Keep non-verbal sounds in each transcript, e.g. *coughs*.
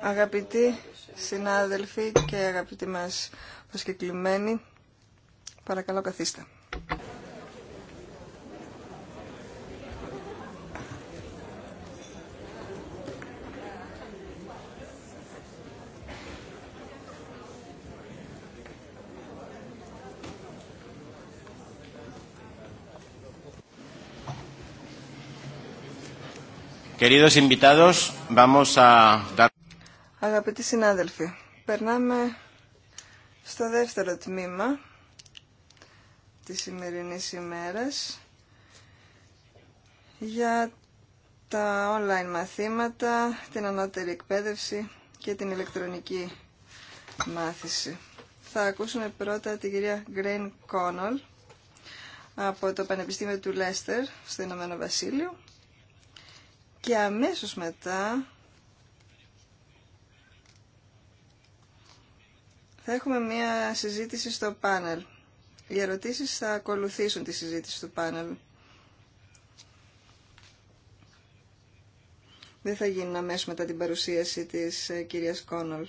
Αγαπητοί συνάδελφοι και αγαπητοί μας προσκεκλημένοι, παρακαλώ καθίστε. Αγαπητοί συνάδελφοι, περνάμε στο δεύτερο τμήμα της σημερινής ημέρας για τα online μαθήματα, την ανώτερη εκπαίδευση και την ηλεκτρονική μάθηση. Θα ακούσουμε πρώτα την κυρία Γκρέιν Κόνολ από το Πανεπιστήμιο του Λέστερ στο Ηνωμένο Βασίλειο και αμέσως μετά θα έχουμε μία συζήτηση στο πάνελ. Οι ερωτήσεις θα ακολουθήσουν τη συζήτηση του πάνελ. Δεν θα γίνουν αμέσως μετά την παρουσίαση της ε, κυρίας Κόνολ.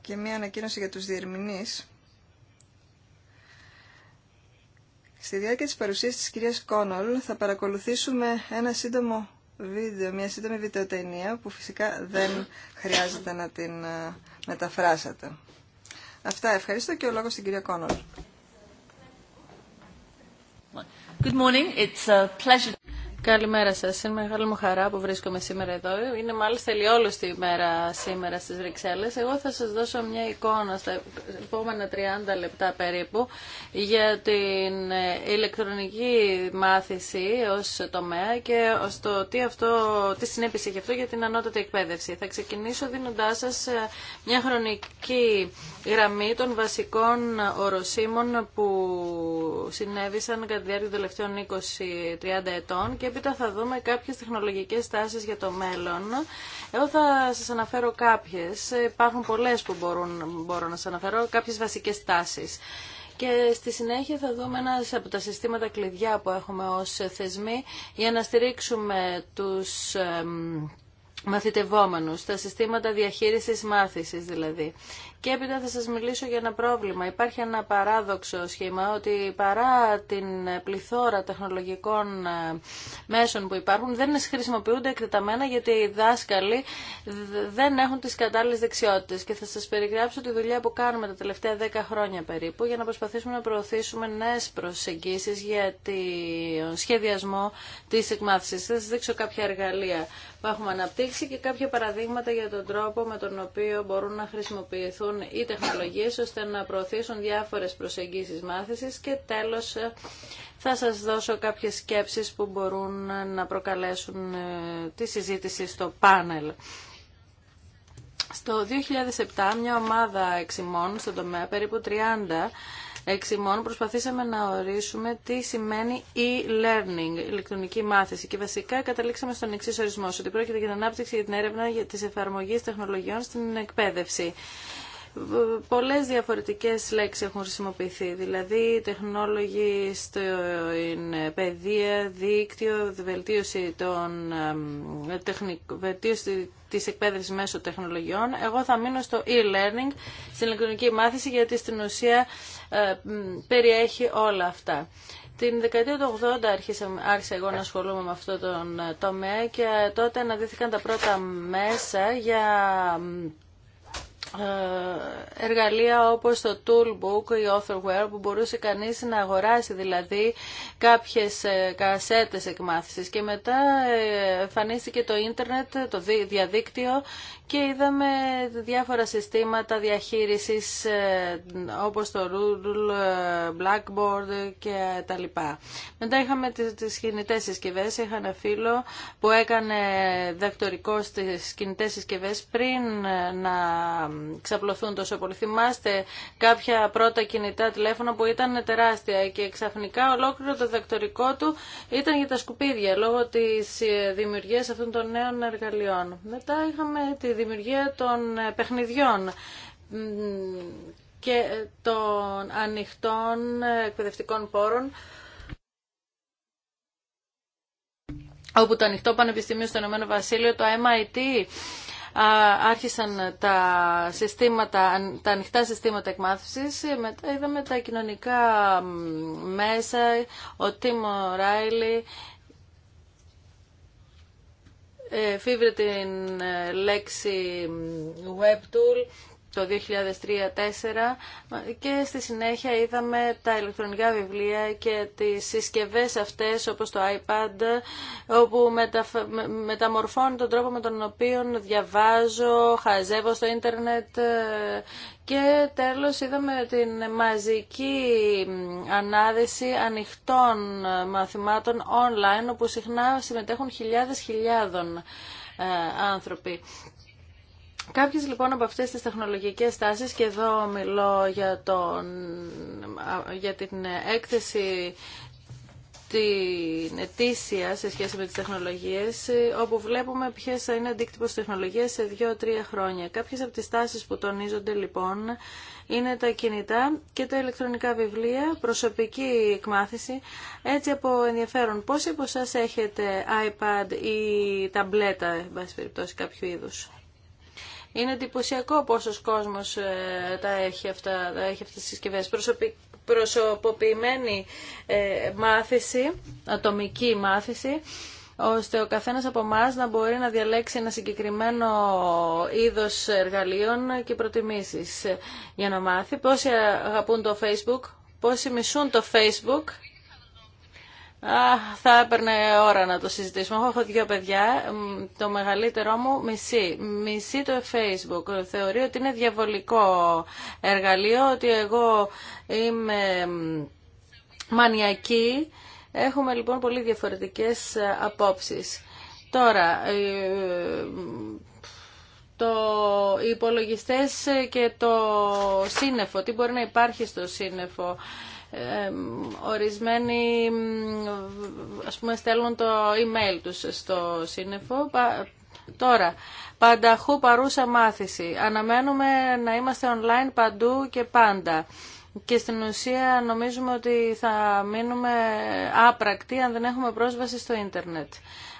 Και μία ανακοίνωση για τους διερμηνείς. Στη διάρκεια της παρουσίας της κυρίας Κόνολ θα παρακολουθήσουμε ένα σύντομο βίντεο, μια σύντομη βιντεοτενία που φυσικά δεν χρειάζεται να την ε, μεταφράσατε. Αυτά, ευχαριστώ και ο λόγος στην κυρία Κόνολ. Good morning. It's a pleasure. Καλημέρα σα, Είναι μεγάλη μου χαρά που βρίσκομαι σήμερα εδώ. Είναι μάλιστα ηλιόλουστη η μέρα σήμερα στι Βρυξέλλε. Εγώ θα σα δώσω μια εικόνα στα επόμενα 30 λεπτά περίπου για την ε, ηλεκτρονική μάθηση ω τομέα και ως τι, αυτό, τι συνέπειση έχει αυτό για την ανώτατη εκπαίδευση. Θα ξεκινήσω δίνοντα σα ε, μια χρονική γραμμή των βασικών οροσίμων που συνέβησαν κατά τη διάρκεια των τελευταίων 20-30 ετών και έπειτα θα δούμε κάποιες τεχνολογικές τάσεις για το μέλλον. Εγώ θα σας αναφέρω κάποιες, υπάρχουν πολλές που μπορώ να σας αναφέρω, κάποιες βασικές τάσεις. Και στη συνέχεια θα δούμε ένα από τα συστήματα κλειδιά που έχουμε ως θεσμοί για να στηρίξουμε τους μαθητευόμενους, στα συστήματα διαχείρισης μάθησης δηλαδή. Και έπειτα θα σας μιλήσω για ένα πρόβλημα. Υπάρχει ένα παράδοξο σχήμα ότι παρά την πληθώρα τεχνολογικών ε, μέσων που υπάρχουν δεν χρησιμοποιούνται εκτεταμένα γιατί οι δάσκαλοι δεν έχουν τις κατάλληλες δεξιότητες. Και θα σας περιγράψω τη δουλειά που κάνουμε τα τελευταία 10 χρόνια περίπου για να προσπαθήσουμε να προωθήσουμε νέες προσεγγίσεις για τον σχεδιασμό της εκμάθησης. Θα σας δείξω κάποια εργαλεία που έχουμε αναπτύξει και κάποια παραδείγματα για τον τρόπο με τον οποίο μπορούν να χρησιμοποιηθούν οι τεχνολογίες ώστε να προωθήσουν διάφορες προσεγγίσεις μάθησης και τέλος ε, θα σας δώσω κάποιες σκέψεις που μπορούν να προκαλέσουν ε, τη συζήτηση στο πάνελ. Στο 2007 μια ομάδα εξημών στον τομέα περίπου 30 ημών προσπαθήσαμε να ορίσουμε τι σημαίνει e-learning, ηλεκτρονική μάθηση και βασικά καταλήξαμε στον εξή ορισμό, ότι πρόκειται για την ανάπτυξη και την έρευνα τη εφαρμογή τεχνολογιών στην εκπαίδευση πολλές διαφορετικές λέξεις έχουν χρησιμοποιηθεί, δηλαδή τεχνόλογοι στην ε, παιδεία, δίκτυο, βελτίωση των ε, τεχνικών, Τη εκπαίδευση μέσω τεχνολογιών. Εγώ θα μείνω στο e-learning, στην ηλεκτρονική μάθηση, γιατί στην ουσία ε, περιέχει όλα αυτά. Την δεκαετία του 80 άρχισα, εγώ να ασχολούμαι με αυτό τον ε, τομέα και ε, τότε αναδύθηκαν τα πρώτα μέσα για ε, εργαλεία όπως το Toolbook ή Authorware που μπορούσε κανείς να αγοράσει δηλαδή κάποιες ε, κασέτες εκμάθησης και μετά ε, εμφανίστηκε το ίντερνετ, το διαδίκτυο και είδαμε διάφορα συστήματα διαχείρισης ε, όπως το Rule, ε, Blackboard και τα λοιπά. Μετά είχαμε τις κινητές συσκευές, είχα ένα φίλο που έκανε δακτορικό στις κινητές συσκευές πριν ε, να ξαπλωθούν τόσο πολύ. Θυμάστε κάποια πρώτα κινητά τηλέφωνα που ήταν τεράστια και ξαφνικά ολόκληρο το δακτορικό του ήταν για τα σκουπίδια λόγω της δημιουργίας αυτών των νέων εργαλειών. Μετά είχαμε τη δημιουργία των ε, παιχνιδιών και ε, των ανοιχτών ε, εκπαιδευτικών πόρων όπου το ανοιχτό πανεπιστήμιο στο Ηνωμένο Βασίλειο, το MIT, άρχισαν τα, συστήματα, τα ανοιχτά συστήματα εκμάθησης. Μετά είδαμε τα κοινωνικά μέσα, ο Τίμο Ράιλι, ε, φίβρε την ε, λέξη web tool το 2003-2004 και στη συνέχεια είδαμε τα ηλεκτρονικά βιβλία και τις συσκευές αυτές όπως το iPad όπου μεταμορφών μεταμορφώνει τον τρόπο με τον οποίο διαβάζω, χαζεύω στο ίντερνετ και τέλος είδαμε την μαζική ανάδεση ανοιχτών μαθημάτων online όπου συχνά συμμετέχουν χιλιάδες χιλιάδων ε, άνθρωποι. Κάποιες λοιπόν από αυτές τις τεχνολογικές τάσεις και εδώ μιλώ για, τον, για την έκθεση την ετήσια σε σχέση με τις τεχνολογίες, όπου βλέπουμε ποιες θα είναι αντίκτυπος τεχνολογίας σε δύο-τρία χρόνια. Κάποιες από τις τάσεις που τονίζονται λοιπόν είναι τα κινητά και τα ηλεκτρονικά βιβλία, προσωπική εκμάθηση, έτσι από ενδιαφέρον. Πόσοι από εσάς έχετε iPad ή ταμπλέτα, εν πάση περιπτώσει, κάποιου είδους. Είναι εντυπωσιακό πόσος κόσμος ε, τα έχει, αυτά, τα έχει αυτές τις συσκευέ. προσωποποιημένη ε, μάθηση, ατομική μάθηση, ώστε ο καθένας από εμά να μπορεί να διαλέξει ένα συγκεκριμένο είδο εργαλείων και προτιμήσεις για να μάθει πόσοι αγαπούν το Facebook, πόσοι μισούν το Facebook θα έπαιρνε ώρα να το συζητήσουμε. Έχω δύο παιδιά, το μεγαλύτερό μου μισή. Μισή το Facebook. Θεωρεί ότι είναι διαβολικό εργαλείο, ότι εγώ είμαι μανιακή. Έχουμε λοιπόν πολύ διαφορετικές ε, απόψεις. Τώρα, ε, το, οι υπολογιστές και το σύννεφο, τι μπορεί να υπάρχει στο σύννεφο ορισμένοι ας πούμε στέλνουν το email τους στο σύννεφο Τώρα, πανταχού παρούσα μάθηση. Αναμένουμε να είμαστε online παντού και πάντα. Και στην ουσία νομίζουμε ότι θα μείνουμε άπρακτοι αν δεν έχουμε πρόσβαση στο ίντερνετ.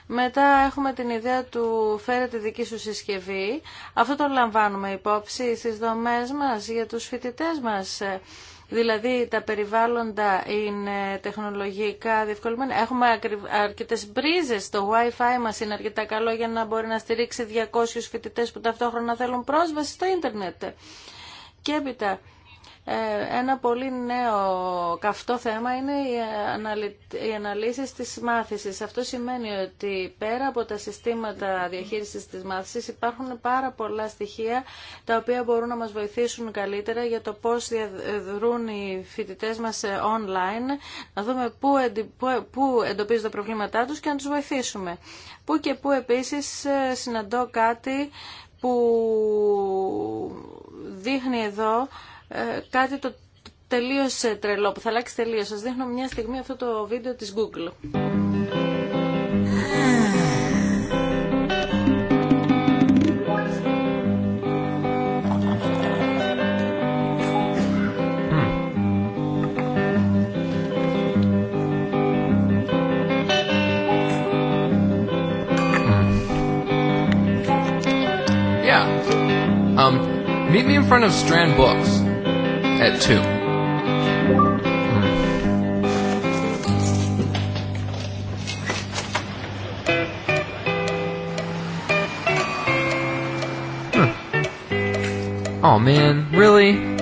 Μετά έχουμε την ιδέα του φέρε τη δική σου συσκευή. Αυτό το λαμβάνουμε υπόψη στις δομές μας για τους φοιτητές μας. Δηλαδή τα περιβάλλοντα είναι τεχνολογικά διευκολυμένα. Έχουμε αρκετές μπρίζε Το Wi-Fi μας είναι αρκετά καλό για να μπορεί να στηρίξει 200 φοιτητές που ταυτόχρονα θέλουν πρόσβαση στο ίντερνετ. Και έπειτα ε, ένα πολύ νέο καυτό θέμα είναι οι αναλύσεις της μάθησης. Αυτό σημαίνει ότι πέρα από τα συστήματα διαχείρισης της μάθησης υπάρχουν πάρα πολλά στοιχεία τα οποία μπορούν να μας βοηθήσουν καλύτερα για το πώς διαδρούν οι φοιτητές μας online, να δούμε πού εντοπίζουν τα προβλήματά τους και να τους βοηθήσουμε. Πού και πού επίσης ε, συναντώ κάτι που δείχνει εδώ ε, κάτι το τελείωσε τρελό που θα αλλάξει τελείως. Σας δείχνω μια στιγμή αυτό το βίντεο της Google. Yeah. Um, meet me in front of Strand Books at 2. Oh man, really?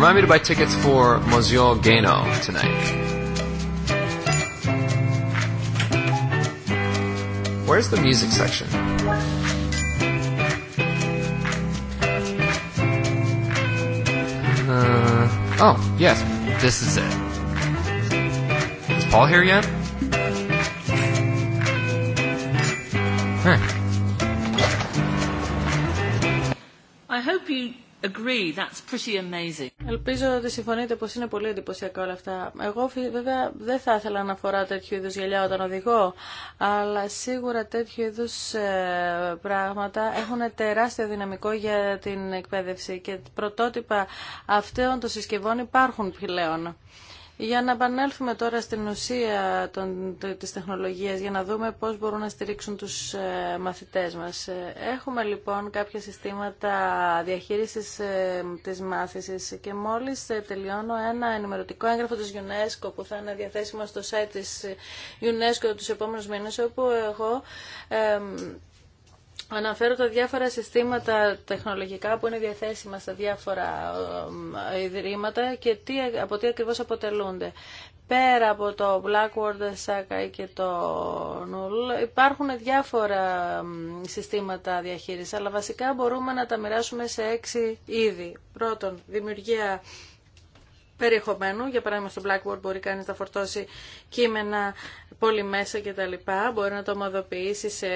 Remind me to buy tickets for Monsieur Gano tonight. Where's the music section? Uh, oh, yes, this is it. Is Paul here yet? agree. That's pretty Ελπίζω ότι συμφωνείτε πως είναι πολύ εντυπωσιακά όλα αυτά. Εγώ βέβαια δεν θα ήθελα να φοράω τέτοιου είδους γυαλιά όταν οδηγώ, αλλά σίγουρα τέτοιου είδους ε, πράγματα έχουν τεράστιο δυναμικό για την εκπαίδευση και πρωτότυπα αυτών των συσκευών υπάρχουν πλέον. Για να επανέλθουμε τώρα στην ουσία των, της τεχνολογίας, για να δούμε πώς μπορούν να στηρίξουν τους ε, μαθητές μας. Ε, έχουμε λοιπόν κάποια συστήματα διαχείρισης ε, της μάθησης και μόλις τελειώνω ένα ενημερωτικό έγγραφο της UNESCO που θα είναι διαθέσιμο στο site της UNESCO τους επόμενους μήνες, όπου εγώ... Αναφέρω τα διάφορα συστήματα τεχνολογικά που είναι διαθέσιμα στα διάφορα ε, ε, ιδρύματα και τι, από τι ακριβώς αποτελούνται. Πέρα από το Blackboard, Sakai και το Null υπάρχουν διάφορα συστήματα διαχείρισης, αλλά βασικά μπορούμε να τα μοιράσουμε σε έξι είδη. Πρώτον, δημιουργία περιεχομένου. Για παράδειγμα, στο Blackboard μπορεί κανείς να φορτώσει κείμενα πολύ μέσα κτλ. Μπορεί να το ομοδοποιήσει σε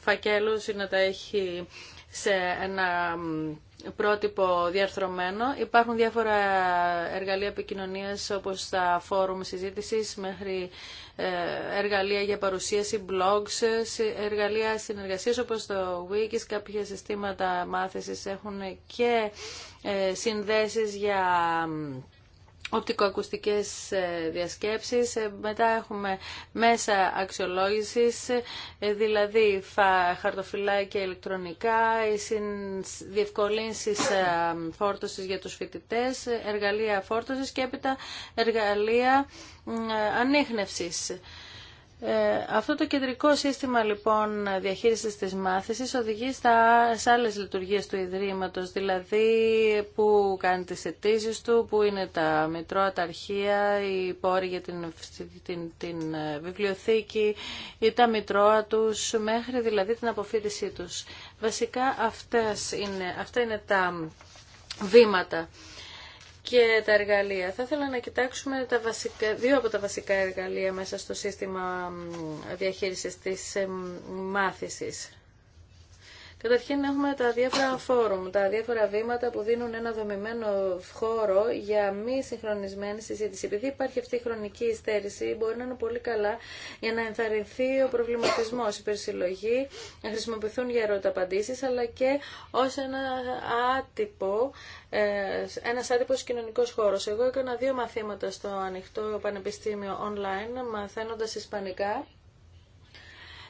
φακέλους ή να τα έχει σε ένα πρότυπο διαρθρωμένο. Υπάρχουν διάφορα εργαλεία επικοινωνίας όπως τα φόρουμ συζήτησης μέχρι ε, εργαλεία για παρουσίαση, blogs, εργαλεία συνεργασίας όπως το Wikis, κάποια συστήματα μάθησης έχουν και ε, συνδέσεις για οπτικοακουστικές ε, διασκέψεις, ε, μετά έχουμε μέσα αξιολόγησης, ε, δηλαδή χαρτοφυλάκια και ηλεκτρονικά, διευκολύνσεις φόρτωσης για τους φοιτητές, εργαλεία φόρτωσης και έπειτα εργαλεία ανείχνευσης. Ε, αυτό το κεντρικό σύστημα λοιπόν διαχείρισης της μάθησης οδηγεί στα σε άλλες λειτουργίες του Ιδρύματος, δηλαδή που κάνει τις αιτήσει του, που είναι τα μητρώα, τα αρχεία, οι πόροι για την, την, την ε, βιβλιοθήκη ή τα μητρώα τους, μέχρι δηλαδή την αποφύτισή τους. Βασικά αυτές είναι, αυτά είναι τα βήματα και τα εργαλεία. Θα ήθελα να κοιτάξουμε τα βασικά, δύο από τα βασικά εργαλεία μέσα στο σύστημα διαχείρισης της ε, μάθησης. Καταρχήν έχουμε τα διάφορα φόρουμ, τα διάφορα βήματα που δίνουν ένα δομημένο χώρο για μη συγχρονισμένη συζήτηση. Επειδή υπάρχει αυτή η χρονική υστέρηση, μπορεί να είναι πολύ καλά για να ενθαρρυνθεί ο προβληματισμό, η περισυλλογή, να χρησιμοποιηθούν για απαντήσει, αλλά και ω ένα άτυπο, ε, ένας άτυπος κοινωνικός χώρος. Εγώ έκανα δύο μαθήματα στο ανοιχτό πανεπιστήμιο online, μαθαίνοντα ισπανικά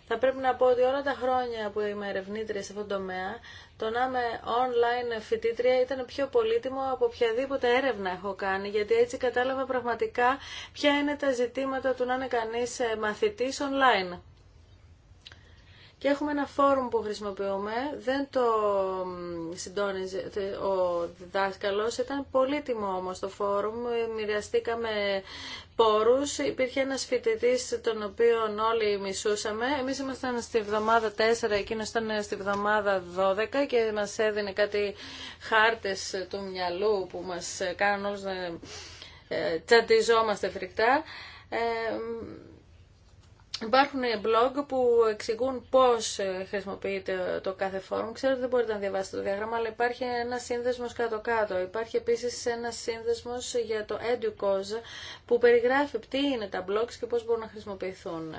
θα πρέπει να πω ότι όλα τα χρόνια που είμαι ερευνήτρια σε αυτόν τον τομέα, το να είμαι online φοιτήτρια ήταν πιο πολύτιμο από οποιαδήποτε έρευνα έχω κάνει, γιατί έτσι κατάλαβα πραγματικά ποια είναι τα ζητήματα του να είναι κανείς ε, μαθητής online. Και έχουμε ένα φόρουμ που χρησιμοποιούμε, δεν το συντόνιζε ο διδάσκαλο, ήταν πολύτιμο όμω το φόρουμ, μοιραστήκαμε πόρου. υπήρχε ένα φοιτητή τον οποίο όλοι μισούσαμε, Εμεί ήμασταν στη βδομάδα 4, εκείνο ήταν στη βδομάδα 12 και μα έδινε κάτι χάρτε του μυαλού που μα κάνουν όλου να ε, τσαντιζόμαστε φρικτά. Ε, Υπάρχουν blog που εξηγούν πώς ε, χρησιμοποιείται το κάθε φόρουμ. Ξέρω ότι δεν μπορείτε να διαβάσετε το διάγραμμα, αλλά υπάρχει ένα σύνδεσμος κάτω-κάτω. Υπάρχει επίσης ένα σύνδεσμος για το EduCause που περιγράφει τι είναι τα blogs και πώς μπορούν να χρησιμοποιηθούν.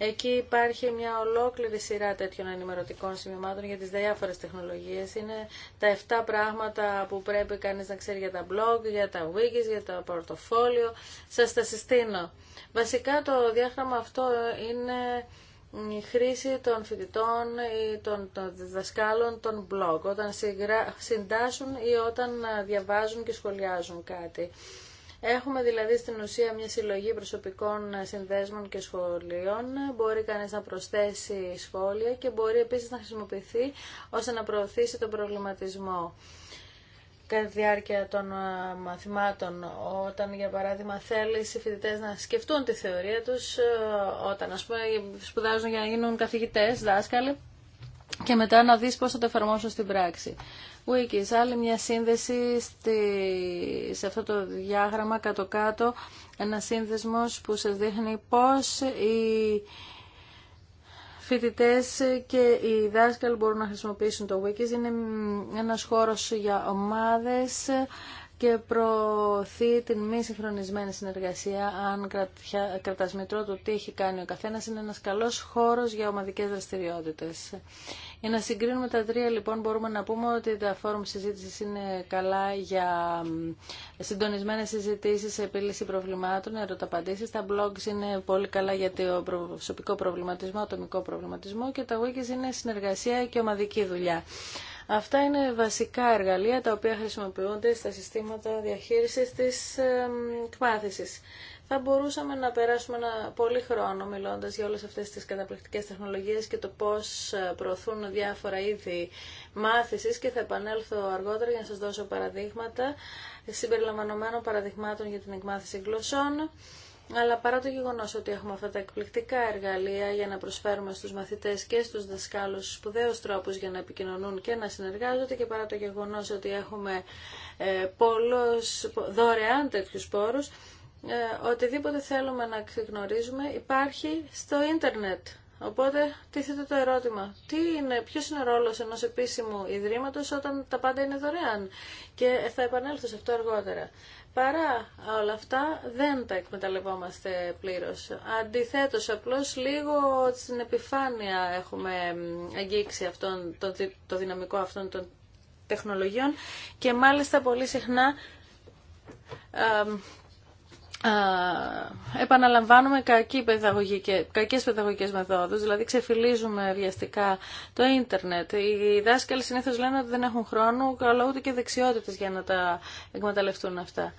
Εκεί υπάρχει μια ολόκληρη σειρά τέτοιων ενημερωτικών σημειωμάτων για τις διάφορες τεχνολογίες. Είναι τα 7 πράγματα που πρέπει κανείς να ξέρει για τα blog, για τα wikis, για το πορτοφόλιο. Σας τα συστήνω. Βασικά το διάγραμμα αυτό είναι η χρήση των φοιτητών ή των, των διδασκάλων των blog, όταν συγγρα... συντάσσουν ή όταν διαβάζουν και σχολιάζουν κάτι. Έχουμε δηλαδή στην ουσία μια συλλογή προσωπικών συνδέσμων και σχολείων. Μπορεί κανείς να προσθέσει σχόλια και μπορεί επίσης να χρησιμοποιηθεί ώστε να προωθήσει τον προβληματισμό κατά τη διάρκεια των ε, μαθημάτων. Όταν, για παράδειγμα, θέλει οι φοιτητέ να σκεφτούν τη θεωρία τους, ε, όταν, ας πούμε, σπουδάζουν για να γίνουν καθηγητές, δάσκαλοι, και μετά να δεις πώς θα το εφαρμόσω στην πράξη. Wikis, άλλη μια σύνδεση σε αυτό το διάγραμμα κάτω-κάτω, ένα σύνδεσμος που σας δείχνει πώς οι φοιτητέ και οι δάσκαλοι μπορούν να χρησιμοποιήσουν το Wikis. Είναι ένας χώρος για ομάδες και προωθεί την μη συγχρονισμένη συνεργασία αν κρατάς μητρό το τι έχει κάνει ο καθένας είναι ένας καλός χώρος για ομαδικές δραστηριότητες. Για να συγκρίνουμε τα τρία λοιπόν μπορούμε να πούμε ότι τα φόρουμ συζήτηση είναι καλά για συντονισμένες συζητήσεις, επίλυση προβλημάτων, ερωταπαντήσεις, τα blogs είναι πολύ καλά για το προσωπικό προβληματισμό, ατομικό προβληματισμό και τα wikis είναι συνεργασία και ομαδική δουλειά. Αυτά είναι βασικά εργαλεία τα οποία χρησιμοποιούνται στα συστήματα διαχείρισης της εκμάθησης. Θα μπορούσαμε να περάσουμε ένα πολύ χρόνο μιλώντας για όλες αυτές τις καταπληκτικές τεχνολογίες και το πώς ε, προωθούν διάφορα είδη μάθησης και θα επανέλθω αργότερα για να σας δώσω παραδείγματα συμπεριλαμβανομένων παραδειγμάτων για την εκμάθηση γλωσσών αλλά παρά το γεγονός ότι έχουμε αυτά τα εκπληκτικά εργαλεία για να προσφέρουμε στους μαθητές και στους δασκάλους σπουδαίους τρόπους για να επικοινωνούν και να συνεργάζονται και παρά το γεγονός ότι έχουμε ε, πολλούς, δωρεάν τέτοιους πόρους, ε, οτιδήποτε θέλουμε να γνωρίζουμε υπάρχει στο ίντερνετ. Οπότε τίθεται το ερώτημα, τι είναι, ποιος είναι ο ρόλος ενός επίσημου ιδρύματος όταν τα πάντα είναι δωρεάν και θα επανέλθω σε αυτό αργότερα παρά όλα αυτά δεν τα εκμεταλλευόμαστε πλήρως. Αντιθέτως, απλώς λίγο στην επιφάνεια έχουμε αγγίξει αυτόν, το, το δυναμικό αυτών των τεχνολογιών και μάλιστα πολύ συχνά επαναλαμβάνουμε κακή παιδαγωγική, κακές παιδαγωγικές μεθόδους, δηλαδή ξεφυλίζουμε βιαστικά το ίντερνετ. Οι δάσκαλοι συνήθως λένε ότι δεν έχουν χρόνο, αλλά ούτε και δεξιότητες για να τα εκμεταλλευτούν αυτά.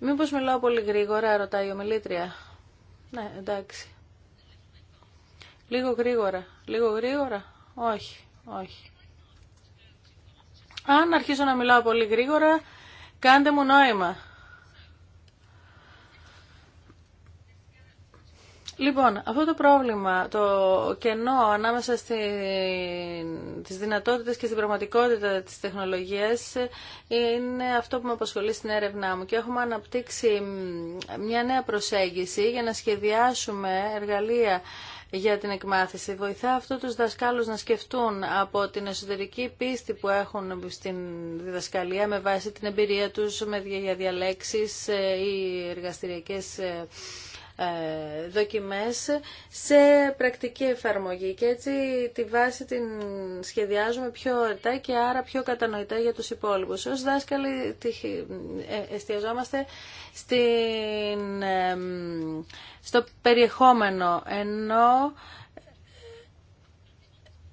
Μήπως μιλάω πολύ γρήγορα, ρωτάει η ομιλήτρια. Ναι, εντάξει. Λίγο γρήγορα. Λίγο γρήγορα. Όχι, όχι. Αν αρχίσω να μιλάω πολύ γρήγορα, κάντε μου νόημα. Λοιπόν, αυτό το πρόβλημα, το κενό ανάμεσα στις δυνατότητες και στην πραγματικότητα της τεχνολογίας είναι αυτό που με απασχολεί στην έρευνά μου και έχουμε αναπτύξει μια νέα προσέγγιση για να σχεδιάσουμε εργαλεία για την εκμάθηση. Βοηθά αυτό τους δασκάλους να σκεφτούν από την εσωτερική πίστη που έχουν στην διδασκαλία με βάση την εμπειρία τους για διαλέξεις ή ε, εργαστηριακές ε, ε, δοκιμές σε πρακτική εφαρμογή και έτσι τη βάση την σχεδιάζουμε πιο ορτά και άρα πιο κατανοητά για τους υπόλοιπους. Ως δάσκαλοι ε, εστιαζόμαστε στην, στο περιεχόμενο ενώ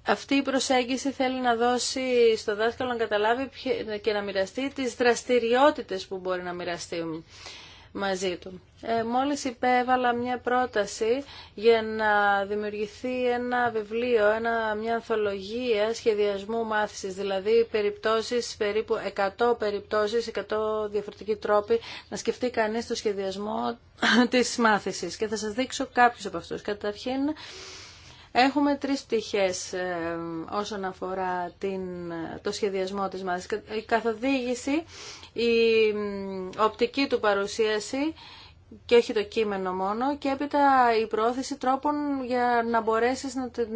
αυτή η προσέγγιση θέλει να δώσει στο δάσκαλο να καταλάβει και να μοιραστεί τις δραστηριότητες που μπορεί να μοιραστεί μαζί του. Ε, μόλις υπέβαλα μια πρόταση για να δημιουργηθεί ένα βιβλίο, ένα, μια ανθολογία σχεδιασμού μάθησης, δηλαδή περιπτώσεις, περίπου 100 περιπτώσεις, 100 διαφορετικοί τρόποι να σκεφτεί κανείς το σχεδιασμό *coughs* της μάθησης. Και θα σας δείξω κάποιους από αυτούς. Καταρχήν, Έχουμε τρεις πτυχές ε, όσον αφορά την, το σχεδιασμό της μάθησης. Η καθοδήγηση, η οπτική του παρουσίαση και όχι το κείμενο μόνο και έπειτα η πρόθεση τρόπων για να μπορέσεις να, την,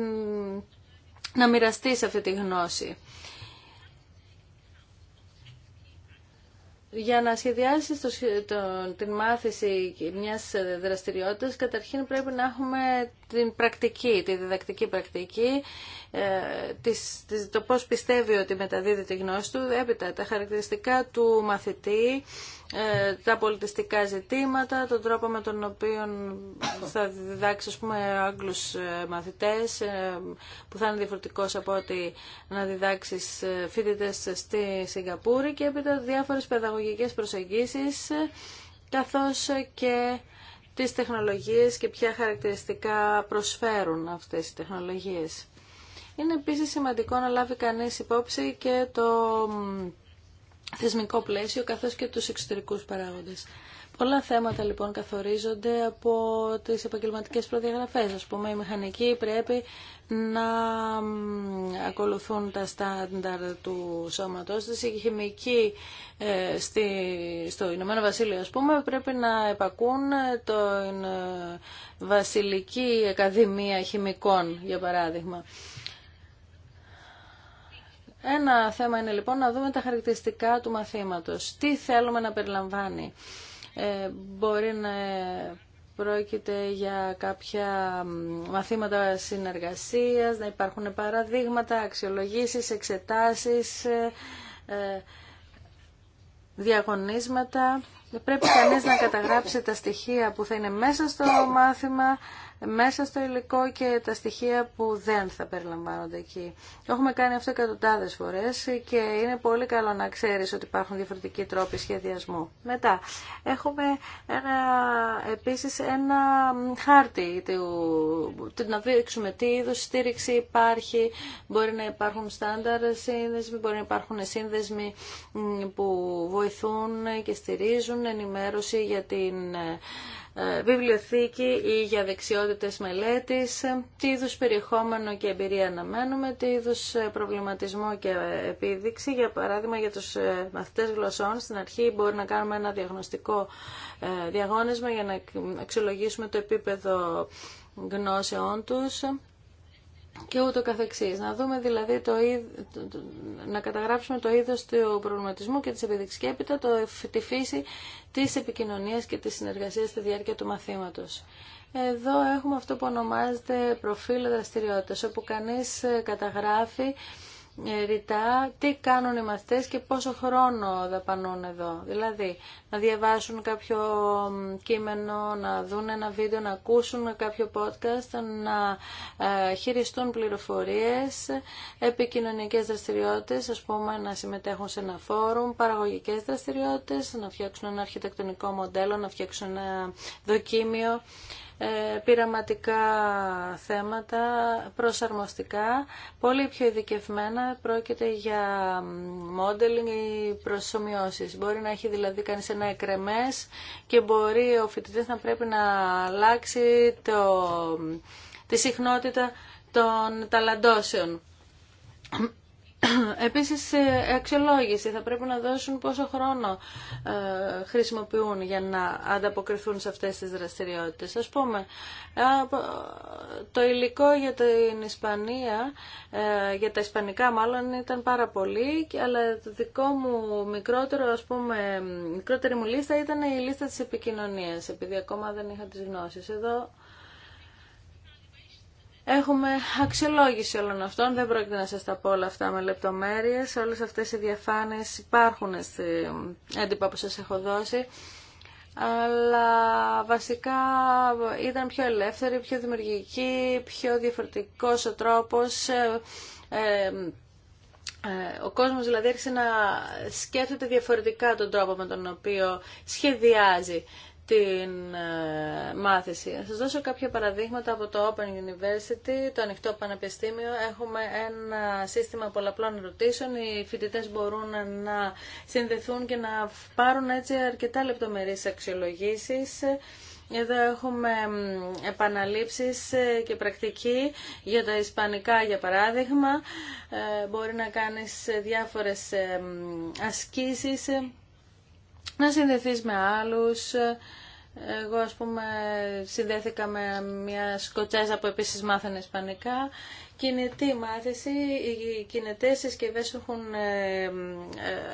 να μοιραστείς αυτή τη γνώση. Για να σχεδιάσεις το, την μάθηση μιας δραστηριότητας, καταρχήν πρέπει να έχουμε την πρακτική, τη διδακτική πρακτική, ε, το πώς πιστεύει ότι μεταδίδει τη γνώση του, έπειτα τα χαρακτηριστικά του μαθητή, ε, τα πολιτιστικά ζητήματα, τον τρόπο με τον οποίο θα διδάξει ας πούμε, Άγγλους ε, μαθητές που θα είναι διαφορετικός από ότι να διδάξεις φοιτητές στη Σιγκαπούρη και έπειτα διάφορες παιδαγωγικές προσεγγίσεις καθώς και τις τεχνολογίες και ποια χαρακτηριστικά προσφέρουν αυτές οι τεχνολογίες. Είναι επίσης σημαντικό να λάβει κανείς υπόψη και το θεσμικό πλαίσιο καθώς και τους εξωτερικούς παράγοντες. Πολλά θέματα λοιπόν καθορίζονται από τις επαγγελματικές προδιαγραφές. Ας πούμε, οι μηχανικοί πρέπει να ακολουθούν τα στάνταρ του σώματός της. Οι χημικοί ε, στη, στο Ηνωμένο Βασίλειο, α πούμε, πρέπει να επακούν την ε, Βασιλική Ακαδημία Χημικών, για παράδειγμα. Ένα θέμα είναι λοιπόν να δούμε τα χαρακτηριστικά του μαθήματος. Τι θέλουμε να περιλαμβάνει. Ε, μπορεί να ε, πρόκειται για κάποια μαθήματα συνεργασίας, να υπάρχουν παραδείγματα, αξιολογήσεις, εξετάσεις, ε, διαγωνίσματα. Πρέπει κανείς να καταγράψει τα στοιχεία που θα είναι μέσα στο μάθημα, μέσα στο υλικό και τα στοιχεία που δεν θα περιλαμβάνονται εκεί. Το έχουμε κάνει αυτό εκατοντάδε φορέ και είναι πολύ καλό να ξέρει ότι υπάρχουν διαφορετικοί τρόποι σχεδιασμού. Μετά, έχουμε ένα, επίσης ένα χάρτη του, να δείξουμε τι είδου στήριξη υπάρχει. Μπορεί να υπάρχουν στάνταρ σύνδεσμοι, μπορεί να υπάρχουν σύνδεσμοι που βοηθούν και στηρίζουν ενημέρωση για την ε, βιβλιοθήκη ή για δεξιότητες μελέτης, ε, τι είδους περιεχόμενο και εμπειρία αναμένουμε, τι είδους ε, προβληματισμό και επίδειξη. Για παράδειγμα, για τους μαθητές γλωσσών, στην αρχή μπορεί να κάνουμε ένα διαγνωστικό διαγώνισμα για να αξιολογήσουμε το επίπεδο γνώσεών τους και ούτω καθεξής. Να δούμε δηλαδή το, να καταγράψουμε το είδος του προβληματισμού και της επιδεξικέπητα, το, τη φύση της επικοινωνίας και της συνεργασίας στη διάρκεια του μαθήματος. Εδώ έχουμε αυτό που ονομάζεται προφίλ δραστηριότητας, όπου κανείς ε, καταγράφει ε, ρητά τι κάνουν οι μαθητές και πόσο χρόνο δαπανούν εδώ. Δηλαδή, να διαβάσουν κάποιο κείμενο, να δουν ένα βίντεο, να ακούσουν κάποιο podcast, να ε, χειριστούν πληροφορίες, επικοινωνικές δραστηριότητες, ας πούμε να συμμετέχουν σε ένα φόρουμ, παραγωγικές δραστηριότητες, να φτιάξουν ένα αρχιτεκτονικό μοντέλο, να φτιάξουν ένα δοκίμιο. Ε, πειραματικά θέματα, προσαρμοστικά, πολύ πιο ειδικευμένα. Πρόκειται για μόντελινγκ ή προσωμιώσεις. Μπορεί να έχει δηλαδή κανείς ένα εκρεμές και μπορεί ο φοιτητής να πρέπει να αλλάξει το, τη συχνότητα των ταλαντώσεων. *coughs* Επίσης, ε, αξιολόγηση. Θα πρέπει να δώσουν πόσο χρόνο ε, χρησιμοποιούν για να ανταποκριθούν σε αυτές τις δραστηριότητες. Ας πούμε, ε, το υλικό για την Ισπανία, για τα ισπανικά μάλλον ήταν πάρα πολύ, αλλά το δικό μου μικρότερο, ας πούμε, μικρότερη μου λίστα ήταν η λίστα της επικοινωνίας, επειδή ακόμα δεν είχα τις γνώσεις. Εδώ Έχουμε αξιολόγηση όλων αυτών, δεν πρόκειται να σας τα πω όλα αυτά με λεπτομέρειες. Όλες αυτές οι διαφάνειες υπάρχουν στην έντυπα που σας έχω δώσει. Αλλά βασικά ήταν πιο ελεύθερη, πιο δημιουργική, πιο διαφορετικός ο τρόπος. Ε, ε, ε, ο κόσμος δηλαδή έρχεται να σκέφτεται διαφορετικά τον τρόπο με τον οποίο σχεδιάζει την ε, μάθηση. Θα σας δώσω κάποια παραδείγματα από το Open University, το ανοιχτό πανεπιστήμιο. Έχουμε ένα σύστημα πολλαπλών ερωτήσεων. Οι φοιτητές μπορούν να συνδεθούν και να πάρουν έτσι αρκετά λεπτομερείς αξιολογήσεις. Εδώ έχουμε επαναλήψεις ε, και πρακτική για τα ισπανικά, για παράδειγμα. Ε, μπορεί να κάνεις διάφορες ασκήσεις, να συνδεθείς με άλλους εγώ, ας πούμε, συνδέθηκα με μια Σκοτσέζα που επίσης μάθανε Ισπανικά. Κινητή μάθηση, οι κινητές συσκευέ έχουν ε, ε,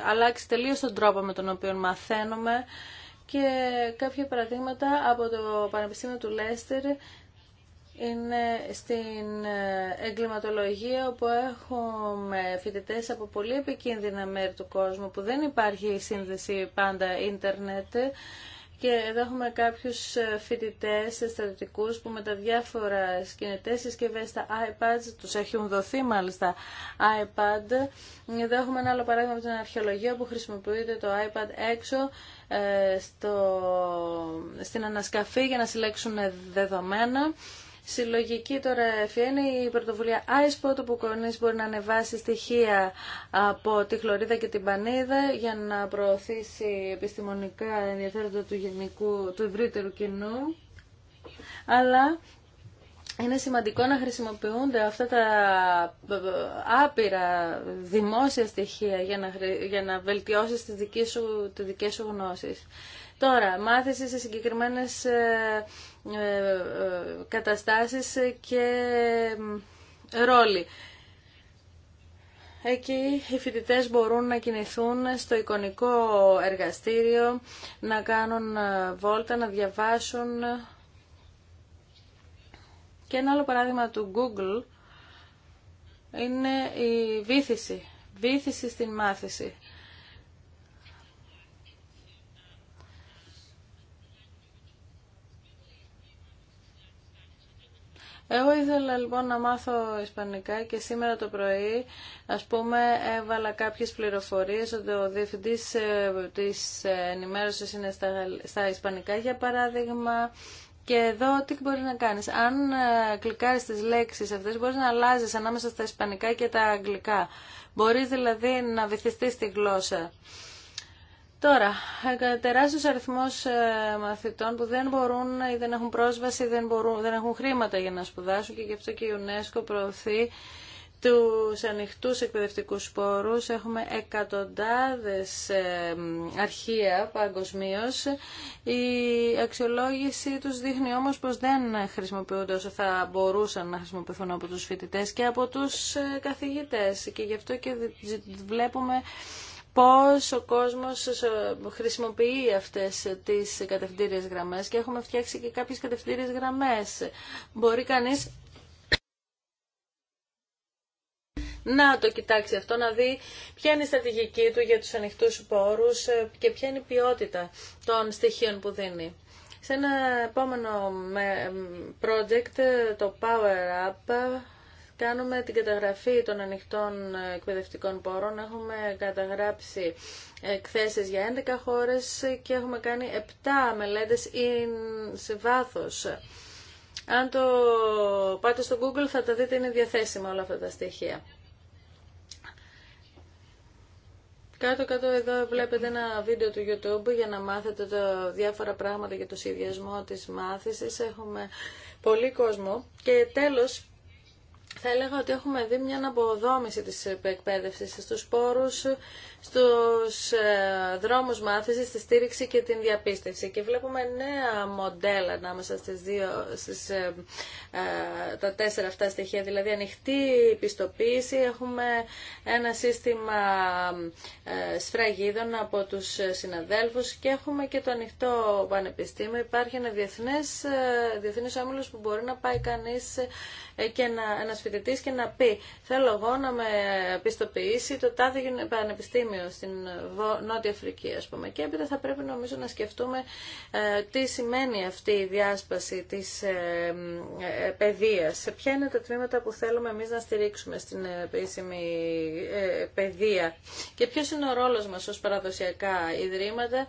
αλλάξει τελείως τον τρόπο με τον οποίο μαθαίνουμε και κάποια παραδείγματα από το Πανεπιστήμιο του Λέστερ είναι στην ε, εγκληματολογία όπου έχουμε φοιτητές από πολύ επικίνδυνα μέρη του κόσμου που δεν υπάρχει σύνδεση πάντα ίντερνετ και εδώ έχουμε κάποιους ε, φοιτητέ στρατιωτικού που με τα διάφορα σκηνητέ συσκευέ στα iPads, τους έχουν δοθεί μάλιστα iPad. Εδώ έχουμε ένα άλλο παράδειγμα από την αρχαιολογία που χρησιμοποιείται το iPad έξω ε, στο, στην ανασκαφή για να συλλέξουν δεδομένα. Συλλογική τώρα είναι η πρωτοβουλία ISPOT που κανεί μπορεί να ανεβάσει στοιχεία από τη χλωρίδα και την πανίδα για να προωθήσει επιστημονικά ενδιαφέροντα του, γενικού, του ευρύτερου κοινού. Αλλά είναι σημαντικό να χρησιμοποιούνται αυτά τα άπειρα δημόσια στοιχεία για να, για να βελτιώσεις τις δικές σου, τις δικές σου γνώσεις. Τώρα, μάθηση σε συγκεκριμένες ε, ε, καταστάσεις και ε, ρόλοι. Εκεί οι φοιτητέ μπορούν να κινηθούν στο εικονικό εργαστήριο, να κάνουν ε, βόλτα, να διαβάσουν. Και ένα άλλο παράδειγμα του Google είναι η βήθηση, βήθηση στην μάθηση. Εγώ ήθελα λοιπόν να μάθω Ισπανικά και σήμερα το πρωί, ας πούμε, έβαλα κάποιες πληροφορίες ότι ο διευθυντής ε, της ενημέρωσης είναι στα, στα Ισπανικά, για παράδειγμα, και εδώ τι μπορεί να κάνεις. Αν ε, κλικάρεις τις λέξεις αυτές, μπορείς να αλλάζεις ανάμεσα στα Ισπανικά και τα Αγγλικά. Μπορείς δηλαδή να βυθιστείς τη γλώσσα. Τώρα, τεράστιος αριθμός ε, μαθητών που δεν μπορούν ή δεν έχουν πρόσβαση ή δεν, μπορούν, δεν έχουν χρήματα για να σπουδάσουν και γι' αυτό και η UNESCO προωθεί τους ανοιχτούς εκπαιδευτικούς πόρους έχουμε εκατοντάδες ε, αρχεία παγκοσμίω. Η αξιολόγηση τους δείχνει όμως πως δεν χρησιμοποιούνται όσο θα μπορούσαν να χρησιμοποιηθούν από τους φοιτητές και από τους ε, καθηγητές και γι' αυτό και βλέπουμε πώς ο κόσμος ε, χρησιμοποιεί αυτές τις κατευθυντήριες γραμμές και έχουμε φτιάξει και κάποιες κατευθυντήριες γραμμές. Μπορεί κανείς να το κοιτάξει αυτό, να δει ποια είναι η στρατηγική του για τους ανοιχτούς πόρους ε, και ποια είναι η ποιότητα των στοιχείων που δίνει. Σε ένα επόμενο project, ε, το Power Up, κάνουμε την καταγραφή των ανοιχτών εκπαιδευτικών πόρων. Έχουμε καταγράψει εκθέσει για 11 χώρες και έχουμε κάνει 7 μελέτες σε βάθος. Αν το πάτε στο Google θα τα δείτε, είναι διαθέσιμα όλα αυτά τα στοιχεία. Κάτω-κάτω εδώ βλέπετε ένα βίντεο του YouTube για να μάθετε το διάφορα πράγματα για το σχεδιασμό της μάθησης. Έχουμε πολύ κόσμο. Και τέλος, θα έλεγα ότι έχουμε δει μια αναποδόμηση της εκπαίδευσης στους πόρους στους ε, δρόμους μάθησης, στη στήριξη και την διαπίστευση. Και βλέπουμε νέα μοντέλα ανάμεσα στις, δύο, στις ε, ε, τα τέσσερα αυτά στοιχεία, δηλαδή ανοιχτή πιστοποίηση. Έχουμε ένα σύστημα σφραγίδων από τους συναδέλφους και έχουμε και το ανοιχτό πανεπιστήμιο. Υπάρχει ένα διεθνές, διεθνής όμιλος που μπορεί να πάει κανείς και να, ένας φοιτητής και να πει θέλω εγώ να με πιστοποιήσει το τάδε πανεπιστήμιο στην Νότια Αφρική, ας πούμε. Και έπειτα θα πρέπει νομίζω να σκεφτούμε ε, τι σημαίνει αυτή η διάσπαση της ε, ε, παιδείας. Ποια είναι τα τμήματα που θέλουμε εμείς να στηρίξουμε στην επίσημη παιδεία και ποιος είναι ο ρόλος μας ως παραδοσιακά ιδρύματα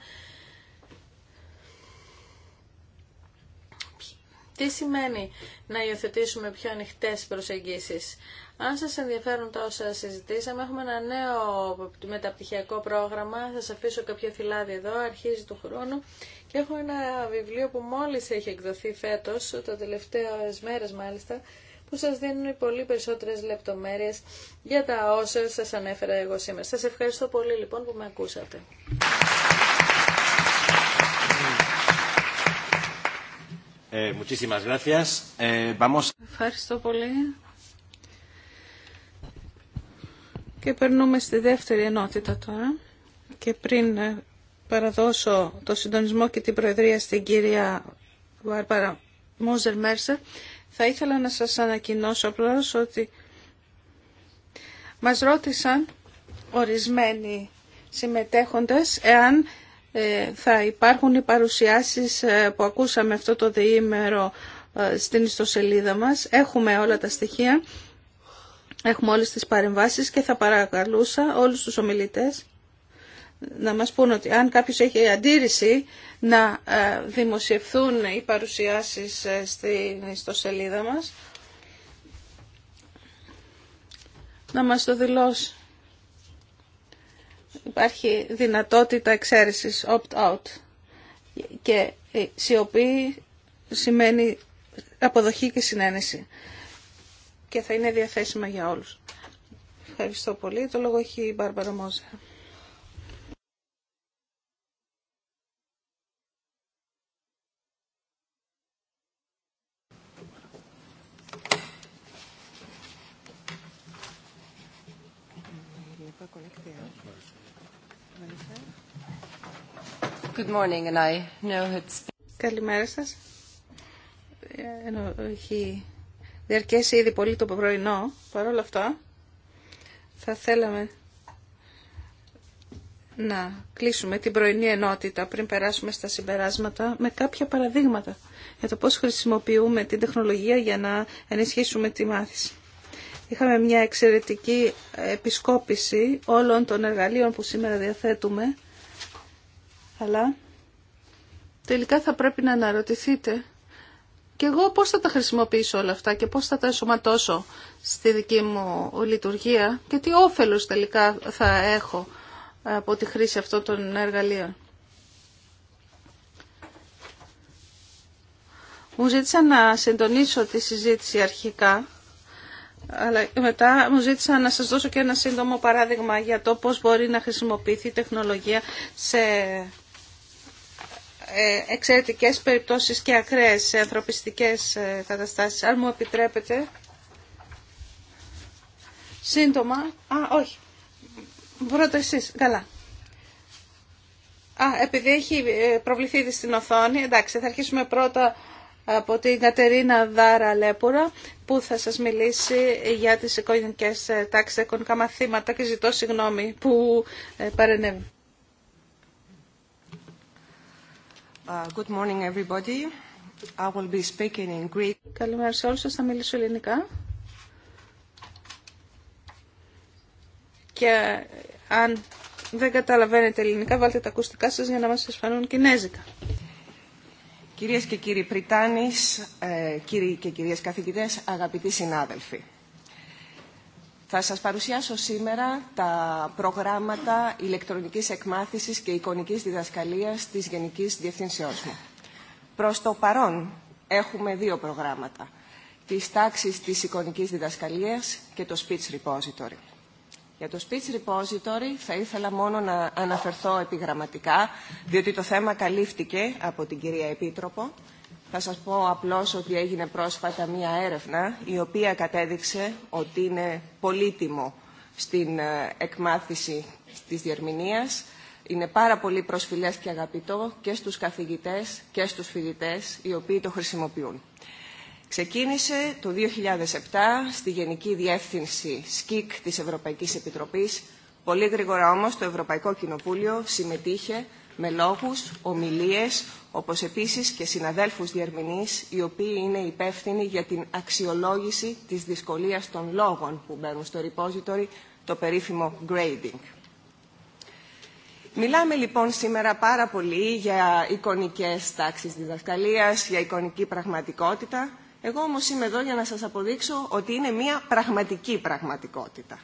Τι σημαίνει να υιοθετήσουμε πιο ανοιχτές προσεγγίσεις. Αν σας ενδιαφέρουν τα όσα συζητήσαμε, έχουμε ένα νέο μεταπτυχιακό πρόγραμμα. Θα σας αφήσω κάποιο φυλάδι εδώ, αρχίζει του χρόνου. Και έχω ένα βιβλίο που μόλις έχει εκδοθεί φέτος, τα τελευταία μέρες μάλιστα, που σας δίνουν πολύ περισσότερες λεπτομέρειες για τα όσα σας ανέφερα εγώ σήμερα. Σας ευχαριστώ πολύ λοιπόν που με ακούσατε. Ε, ε, ευχαριστώ πολύ. Και περνούμε στη δεύτερη ενότητα τώρα. Και πριν ε, παραδώσω το συντονισμό και την Προεδρία στην κυρία Βάρπαρα Μόζερ Μέρσερ, θα ήθελα να σας ανακοινώσω απλώς ότι μας ρώτησαν ορισμένοι συμμετέχοντες εάν ε, θα υπάρχουν οι παρουσιάσεις ε, που ακούσαμε αυτό το διήμερο στην ιστοσελίδα μας. Έχουμε όλα τα στοιχεία. Έχουμε όλες τις παρεμβάσεις και θα παρακαλούσα όλους τους ομιλητές να μας πούν ότι αν κάποιος έχει αντίρρηση να ε, δημοσιευθούν οι παρουσιάσεις ε, στην ιστοσελίδα μας, να μας το δηλώσει. Υπάρχει δυνατότητα εξαίρεσης opt-out και σιωπή σημαίνει αποδοχή και συνένεση και θα είναι διαθέσιμα για όλους. Ευχαριστώ πολύ. Το λόγο έχει η Μπάρμπαρα Μόζε. Good morning and I know it's... Καλημέρα σας. Έχει ε, διαρκέσει ήδη πολύ το πρωινό. Παρ' όλα αυτά θα θέλαμε να κλείσουμε την πρωινή ενότητα πριν περάσουμε στα συμπεράσματα με κάποια παραδείγματα για το πώς χρησιμοποιούμε την τεχνολογία για να ενισχύσουμε τη μάθηση. Είχαμε μια εξαιρετική επισκόπηση όλων των εργαλείων που σήμερα διαθέτουμε, αλλά τελικά θα πρέπει να αναρωτηθείτε και εγώ πώς θα τα χρησιμοποιήσω όλα αυτά και πώς θα τα εσωματώσω στη δική μου λειτουργία και τι όφελος τελικά θα έχω από τη χρήση αυτών των εργαλείων. Μου ζήτησαν να συντονίσω τη συζήτηση αρχικά, αλλά μετά μου ζήτησαν να σας δώσω και ένα σύντομο παράδειγμα για το πώς μπορεί να χρησιμοποιηθεί η τεχνολογία σε ε, εξαιρετικές περιπτώσεις και ακραίες ανθρωπιστικές ε, καταστάσεις. Αν μου επιτρέπετε, σύντομα... Α, όχι. Πρώτα εσείς. Καλά. Α, επειδή έχει ε, προβληθεί στην οθόνη, εντάξει, θα αρχίσουμε πρώτα από την Κατερίνα Δάρα Λέπουρα, που θα σας μιλήσει για τις εικονικές τάξεις, οικονομικά μαθήματα και ζητώ συγγνώμη που παρενέβη. Καλημέρα σε όλους σας. Θα μιλήσω ελληνικά. Και ε, αν δεν καταλαβαίνετε ελληνικά, βάλτε τα ακουστικά σας για να μας φανούν κινέζικα. Κυρίες και κύριοι Πριτάνης, ε, κύριοι και κυρίες καθηγητές, αγαπητοί συνάδελφοι. Θα σας παρουσιάσω σήμερα τα προγράμματα ηλεκτρονικής εκμάθησης και εικονικής διδασκαλίας της Γενικής Διευθυνσιός μου. Προς το παρόν έχουμε δύο προγράμματα. Τις τάξεις της εικονικής διδασκαλίας και το Speech Repository. Για το Speech Repository θα ήθελα μόνο να αναφερθώ επιγραμματικά, διότι το θέμα καλύφθηκε από την κυρία Επίτροπο. Θα σας πω απλώς ότι έγινε πρόσφατα μία έρευνα η οποία κατέδειξε ότι είναι πολύτιμο στην ε, εκμάθηση της διερμηνίας. Είναι πάρα πολύ προσφυλές και αγαπητό και στους καθηγητές και στους φοιτητές οι οποίοι το χρησιμοποιούν. Ξεκίνησε το 2007 στη Γενική Διεύθυνση ΣΚΙΚ της Ευρωπαϊκής Επιτροπής. Πολύ γρήγορα όμως το Ευρωπαϊκό Κοινοβούλιο συμμετείχε με λόγους, ομιλίες, όπως επίσης και συναδέλφους διερμηνείς, οι οποίοι είναι υπεύθυνοι για την αξιολόγηση της δυσκολίας των λόγων που μπαίνουν στο repository, το περίφημο grading. Μιλάμε λοιπόν σήμερα πάρα πολύ για εικονικές τάξεις διδασκαλίας, για εικονική πραγματικότητα. Εγώ όμως είμαι εδώ για να σας αποδείξω ότι είναι μια πραγματική πραγματικότητα.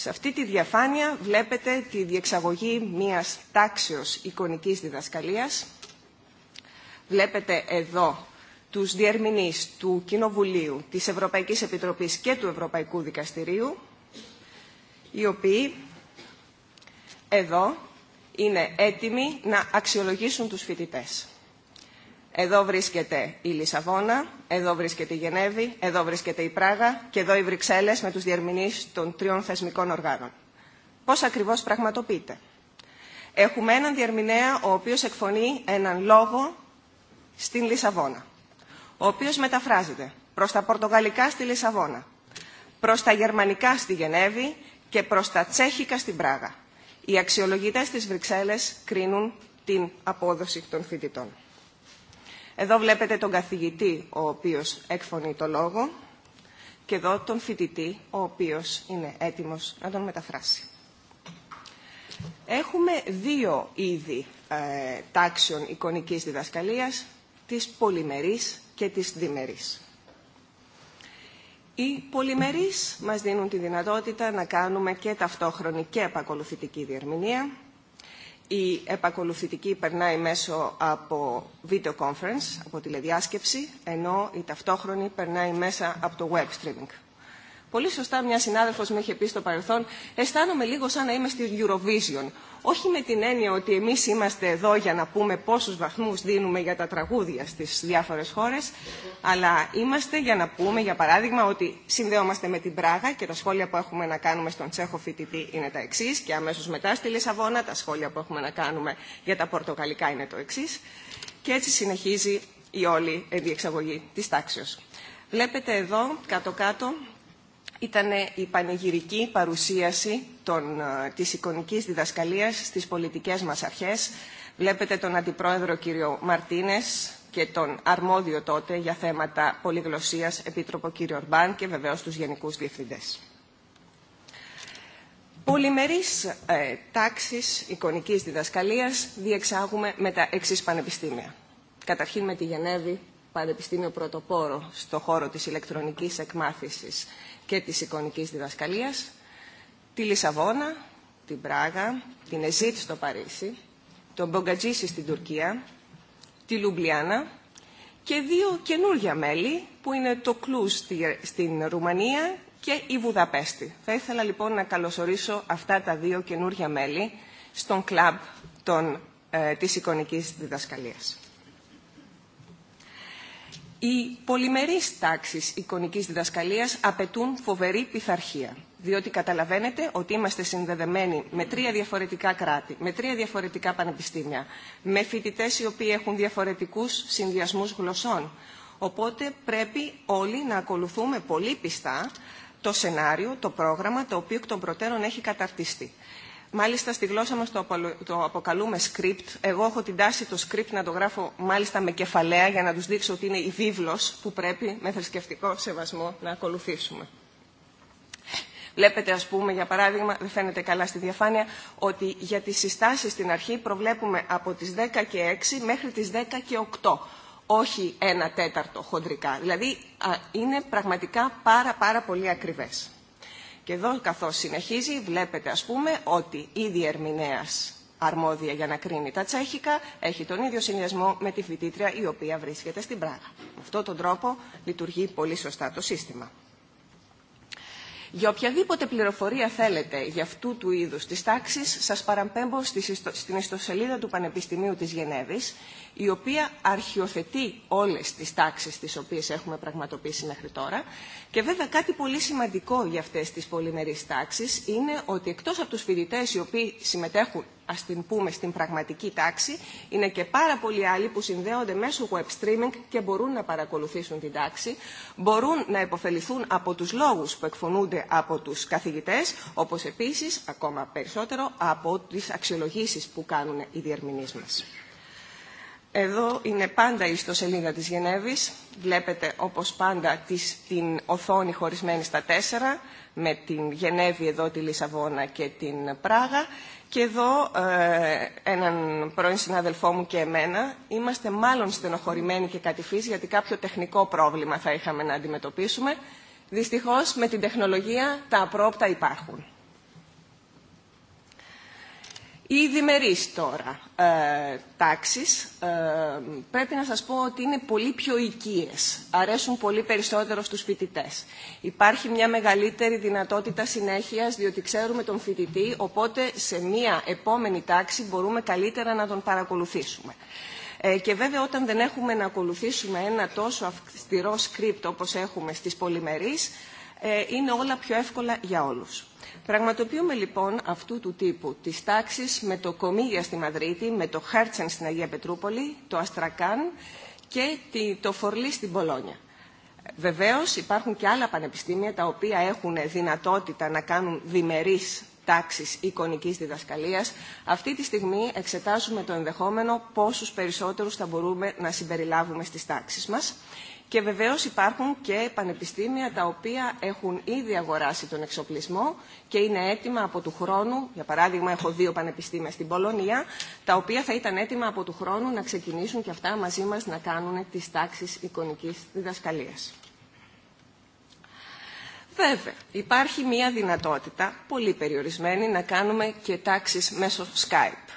Σε αυτή τη διαφάνεια βλέπετε τη διεξαγωγή μιας τάξεως εικονικής διδασκαλίας. Βλέπετε εδώ τους διερμηνείς του Κοινοβουλίου, της Ευρωπαϊκής Επιτροπής και του Ευρωπαϊκού Δικαστηρίου, οι οποίοι εδώ είναι έτοιμοι να αξιολογήσουν τους φοιτητές. Εδώ βρίσκεται η Λισαβόνα, εδώ βρίσκεται η Γενέβη, εδώ βρίσκεται η Πράγα και εδώ οι Βρυξέλλες με τους διερμηνείς των τριών θεσμικών οργάνων. Πώς ακριβώς πραγματοποιείται. Έχουμε έναν διερμηνέα ο οποίος εκφωνεί έναν λόγο στην Λισαβόνα, ο οποίος μεταφράζεται προς τα πορτογαλικά στη Λισαβόνα, προς τα γερμανικά στη Γενέβη και προς τα τσέχικα στην Πράγα. Οι αξιολογητές της Βρυξέλλες κρίνουν την απόδοση των φοιτητών. Εδώ βλέπετε τον καθηγητή ο οποίος εκφωνεί το λόγο και εδώ τον φοιτητή ο οποίος είναι έτοιμος να τον μεταφράσει. Έχουμε δύο είδη ε, τάξεων εικονικής διδασκαλίας, της πολυμερής και της διμερής. Οι πολυμερείς μας δίνουν τη δυνατότητα να κάνουμε και ταυτόχρονη και επακολουθητική διερμηνία, η επακολουθητική περνάει μέσω από video conference, από τηλεδιάσκεψη, ενώ η ταυτόχρονη περνάει μέσα από το web streaming. Πολύ σωστά μια συνάδελφος με είχε πει στο παρελθόν, αισθάνομαι λίγο σαν να είμαι στη Eurovision. Όχι με την έννοια ότι εμείς είμαστε εδώ για να πούμε πόσους βαθμούς δίνουμε για τα τραγούδια στις διάφορες χώρες, αλλά είμαστε για να πούμε, για παράδειγμα, ότι συνδέομαστε με την Πράγα και τα σχόλια που έχουμε να κάνουμε στον Τσέχο φοιτητή είναι τα εξή και αμέσως μετά στη Λισαβόνα τα σχόλια που έχουμε να κάνουμε για τα πορτοκαλικά είναι το εξή. Και έτσι συνεχίζει η όλη διεξαγωγή της τάξεως. Βλέπετε εδώ κάτω-κάτω ήταν η πανηγυρική παρουσίαση των, ε, της εικονικής διδασκαλίας στις πολιτικές μας αρχές. Βλέπετε τον Αντιπρόεδρο κύριο Μαρτίνες και τον αρμόδιο τότε για θέματα πολυγλωσσίας Επίτροπο κύριο Ορμπάν και βεβαίως τους Γενικούς Διευθυντές. Πολυμερείς ε, τάξεις εικονικής διδασκαλίας διεξάγουμε με τα εξή πανεπιστήμια. Καταρχήν με τη Γενέβη, πανεπιστήμιο πρωτοπόρο στο χώρο της ηλεκτρονικής εκμάθησης και της εικονικής διδασκαλίας, τη Λισαβόνα, την Πράγα, την Εζίτ στο Παρίσι, τον Μπογκατζίση στην Τουρκία, τη Λουμπλιάνα και δύο καινούργια μέλη που είναι το Κλούς στην Ρουμανία και η Βουδαπέστη. Θα ήθελα λοιπόν να καλωσορίσω αυτά τα δύο καινούργια μέλη στον κλαμπ των, ε, της εικονικής διδασκαλίας. Οι πολυμερείς τάξεις εικονικής διδασκαλίας απαιτούν φοβερή πειθαρχία, διότι καταλαβαίνετε ότι είμαστε συνδεδεμένοι με τρία διαφορετικά κράτη, με τρία διαφορετικά πανεπιστήμια, με φοιτητές οι οποίοι έχουν διαφορετικούς συνδυασμούς γλωσσών. Οπότε πρέπει όλοι να ακολουθούμε πολύ πιστά το σενάριο, το πρόγραμμα, το οποίο εκ των προτέρων έχει καταρτιστεί. Μάλιστα στη γλώσσα μας το, το αποκαλούμε script. Εγώ έχω την τάση το script να το γράφω μάλιστα με κεφαλαία για να τους δείξω ότι είναι η βίβλος που πρέπει με θρησκευτικό σεβασμό να ακολουθήσουμε. Βλέπετε, ας πούμε, για παράδειγμα, δεν φαίνεται καλά στη διαφάνεια, ότι για τις συστάσεις στην αρχή προβλέπουμε από τις 10 και 6 μέχρι τις 10 και 8 όχι ένα τέταρτο χοντρικά. Δηλαδή, είναι πραγματικά πάρα πάρα πολύ ακριβές. Και εδώ καθώς συνεχίζει βλέπετε ας πούμε ότι η διερμηνέας αρμόδια για να κρίνει τα τσέχικα έχει τον ίδιο συνδυασμό με τη φοιτήτρια η οποία βρίσκεται στην Πράγα. Με αυτόν τον τρόπο λειτουργεί πολύ σωστά το σύστημα. Για οποιαδήποτε πληροφορία θέλετε για αυτού του είδους της τάξης σας παραπέμπω στην ιστοσελίδα του Πανεπιστημίου της Γενέβης, η οποία αρχιοθετεί όλες τις τάξεις τις οποίες έχουμε πραγματοποιήσει μέχρι τώρα. Και βέβαια κάτι πολύ σημαντικό για αυτές τις πολυμερείς τάξεις είναι ότι εκτός από τους φοιτητές οι οποίοι συμμετέχουν ας την πούμε, στην πραγματική τάξη. Είναι και πάρα πολλοί άλλοι που συνδέονται μέσω web streaming και μπορούν να παρακολουθήσουν την τάξη. Μπορούν να υποφεληθούν από τους λόγους που εκφωνούνται από τους καθηγητές, όπως επίσης, ακόμα περισσότερο, από τις αξιολογήσεις που κάνουν οι διερμηνείς μας. Εδώ είναι πάντα η ιστοσελίδα της Γενέβης. Βλέπετε όπως πάντα την οθόνη χωρισμένη στα τέσσερα με την Γενέβη εδώ, τη Λισαβόνα και την Πράγα και εδώ ε, έναν πρώην συνάδελφό μου και εμένα είμαστε μάλλον στενοχωρημένοι και κατηφείς γιατί κάποιο τεχνικό πρόβλημα θα είχαμε να αντιμετωπίσουμε. Δυστυχώς με την τεχνολογία τα απρόπτα υπάρχουν. Οι διμερείς τώρα ε, τάξεις ε, πρέπει να σα πω ότι είναι πολύ πιο οικίε, Αρέσουν πολύ περισσότερο στου φοιτητέ. Υπάρχει μια μεγαλύτερη δυνατότητα συνέχεια, διότι ξέρουμε τον φοιτητή οπότε σε μια επόμενη τάξη μπορούμε καλύτερα να τον παρακολουθήσουμε. Ε, και βέβαια όταν δεν έχουμε να ακολουθήσουμε ένα τόσο αυστηρό σκρίπτ όπως έχουμε στις πολυμερείς ε, είναι όλα πιο εύκολα για όλους. Πραγματοποιούμε λοιπόν αυτού του τύπου τις τάξεις με το Κομίγια στη Μαδρίτη, με το Χέρτσεν στην Αγία Πετρούπολη, το Αστρακάν και το Φορλί στην Πολόνια. Βεβαίως υπάρχουν και άλλα πανεπιστήμια τα οποία έχουν δυνατότητα να κάνουν διμερείς τάξης εικονικής διδασκαλίας, αυτή τη στιγμή εξετάζουμε το ενδεχόμενο πόσους περισσότερους θα μπορούμε να συμπεριλάβουμε στις τάξεις μας. Και βεβαίως υπάρχουν και πανεπιστήμια τα οποία έχουν ήδη αγοράσει τον εξοπλισμό και είναι έτοιμα από του χρόνου, για παράδειγμα έχω δύο πανεπιστήμια στην Πολωνία, τα οποία θα ήταν έτοιμα από του χρόνου να ξεκινήσουν και αυτά μαζί μας να κάνουν τις τάξεις εικονικής διδασκαλίας. Βέβαια, υπάρχει μία δυνατότητα, πολύ περιορισμένη, να κάνουμε και τάξεις μέσω Skype.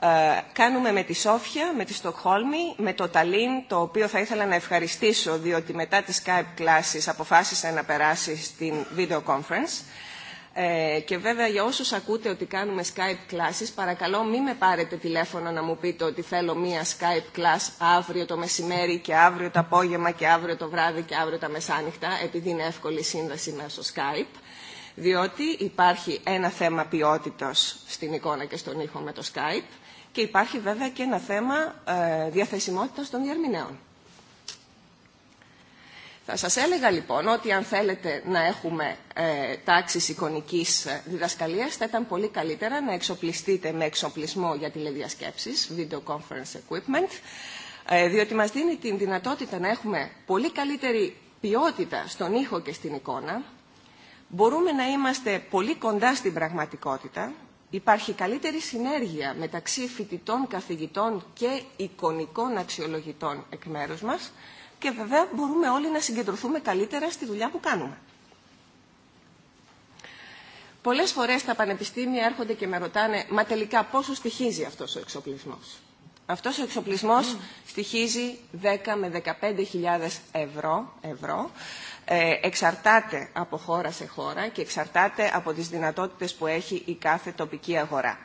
Ε, κάνουμε με τη Σόφια, με τη Στοκχόλμη, με το Ταλίν, το οποίο θα ήθελα να ευχαριστήσω, διότι μετά τις Skype κλάσεις αποφάσισε να περάσει στην video conference. Ε, και βέβαια για όσους ακούτε ότι κάνουμε Skype classes, παρακαλώ μην με πάρετε τηλέφωνο να μου πείτε ότι θέλω μία Skype class αύριο το μεσημέρι και αύριο το απόγευμα και αύριο το βράδυ και αύριο τα μεσάνυχτα, επειδή είναι εύκολη σύνδεση μέσω Skype, διότι υπάρχει ένα θέμα ποιότητας στην εικόνα και στον ήχο με το Skype και υπάρχει βέβαια και ένα θέμα ε, διαθεσιμότητας των διαρμηνέων. Θα σας έλεγα λοιπόν ότι αν θέλετε να έχουμε ε, τάξεις εικονικής ε, διδασκαλίας θα ήταν πολύ καλύτερα να εξοπλιστείτε με εξοπλισμό για τηλεδιασκέψεις, video conference equipment, ε, διότι μας δίνει την δυνατότητα να έχουμε πολύ καλύτερη ποιότητα στον ήχο και στην εικόνα. Μπορούμε να είμαστε πολύ κοντά στην πραγματικότητα. Υπάρχει καλύτερη συνέργεια μεταξύ φοιτητών, καθηγητών και εικονικών αξιολογητών εκ μέρους μας και βέβαια μπορούμε όλοι να συγκεντρωθούμε καλύτερα στη δουλειά που κάνουμε. Πολλές φορές τα πανεπιστήμια έρχονται και με ρωτάνε «Μα τελικά πόσο στοιχίζει αυτός ο εξοπλισμός». Αυτός ο εξοπλισμός στοιχίζει 10 με 15.000 ευρώ, ευρώ. Ε, εξαρτάται από χώρα σε χώρα και εξαρτάται από τις δυνατότητες που έχει η κάθε τοπική αγορά.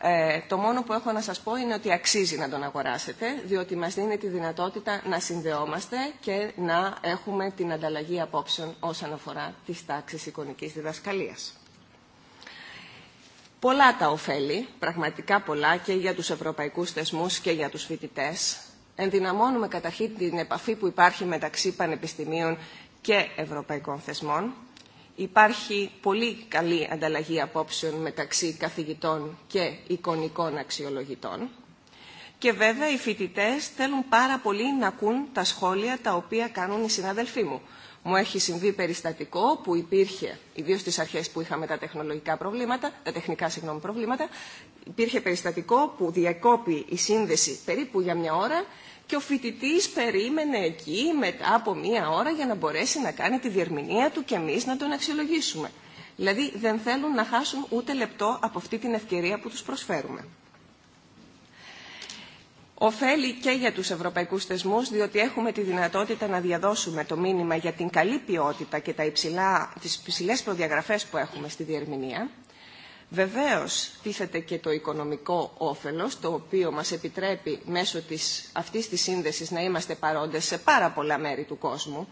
Ε, το μόνο που έχω να σας πω είναι ότι αξίζει να τον αγοράσετε, διότι μας δίνει τη δυνατότητα να συνδεόμαστε και να έχουμε την ανταλλαγή απόψεων όσον αφορά τις τάξεις εικονικής διδασκαλίας. Πολλά τα ωφέλη, πραγματικά πολλά και για τους ευρωπαϊκούς θεσμούς και για τους φοιτητές. Ενδυναμώνουμε καταρχήν την επαφή που υπάρχει μεταξύ πανεπιστημίων και ευρωπαϊκών θεσμών υπάρχει πολύ καλή ανταλλαγή απόψεων μεταξύ καθηγητών και εικονικών αξιολογητών. Και βέβαια οι φοιτητέ θέλουν πάρα πολύ να ακούν τα σχόλια τα οποία κάνουν οι συναδελφοί μου. Μου έχει συμβεί περιστατικό που υπήρχε, ιδίω στι αρχέ που είχαμε τα τεχνολογικά προβλήματα, τα τεχνικά συγγνώμη προβλήματα, υπήρχε περιστατικό που διακόπη η σύνδεση περίπου για μια ώρα και ο φοιτητή περίμενε εκεί μετά από μία ώρα για να μπορέσει να κάνει τη διερμηνία του και εμεί να τον αξιολογήσουμε. Δηλαδή δεν θέλουν να χάσουν ούτε λεπτό από αυτή την ευκαιρία που τους προσφέρουμε. Οφέλει και για τους ευρωπαϊκούς θεσμούς, διότι έχουμε τη δυνατότητα να διαδώσουμε το μήνυμα για την καλή ποιότητα και τα υψηλά, τις υψηλές προδιαγραφές που έχουμε στη διερμηνία. Βεβαίως τίθεται και το οικονομικό όφελος, το οποίο μας επιτρέπει μέσω της, αυτής της σύνδεσης να είμαστε παρόντες σε πάρα πολλά μέρη του κόσμου,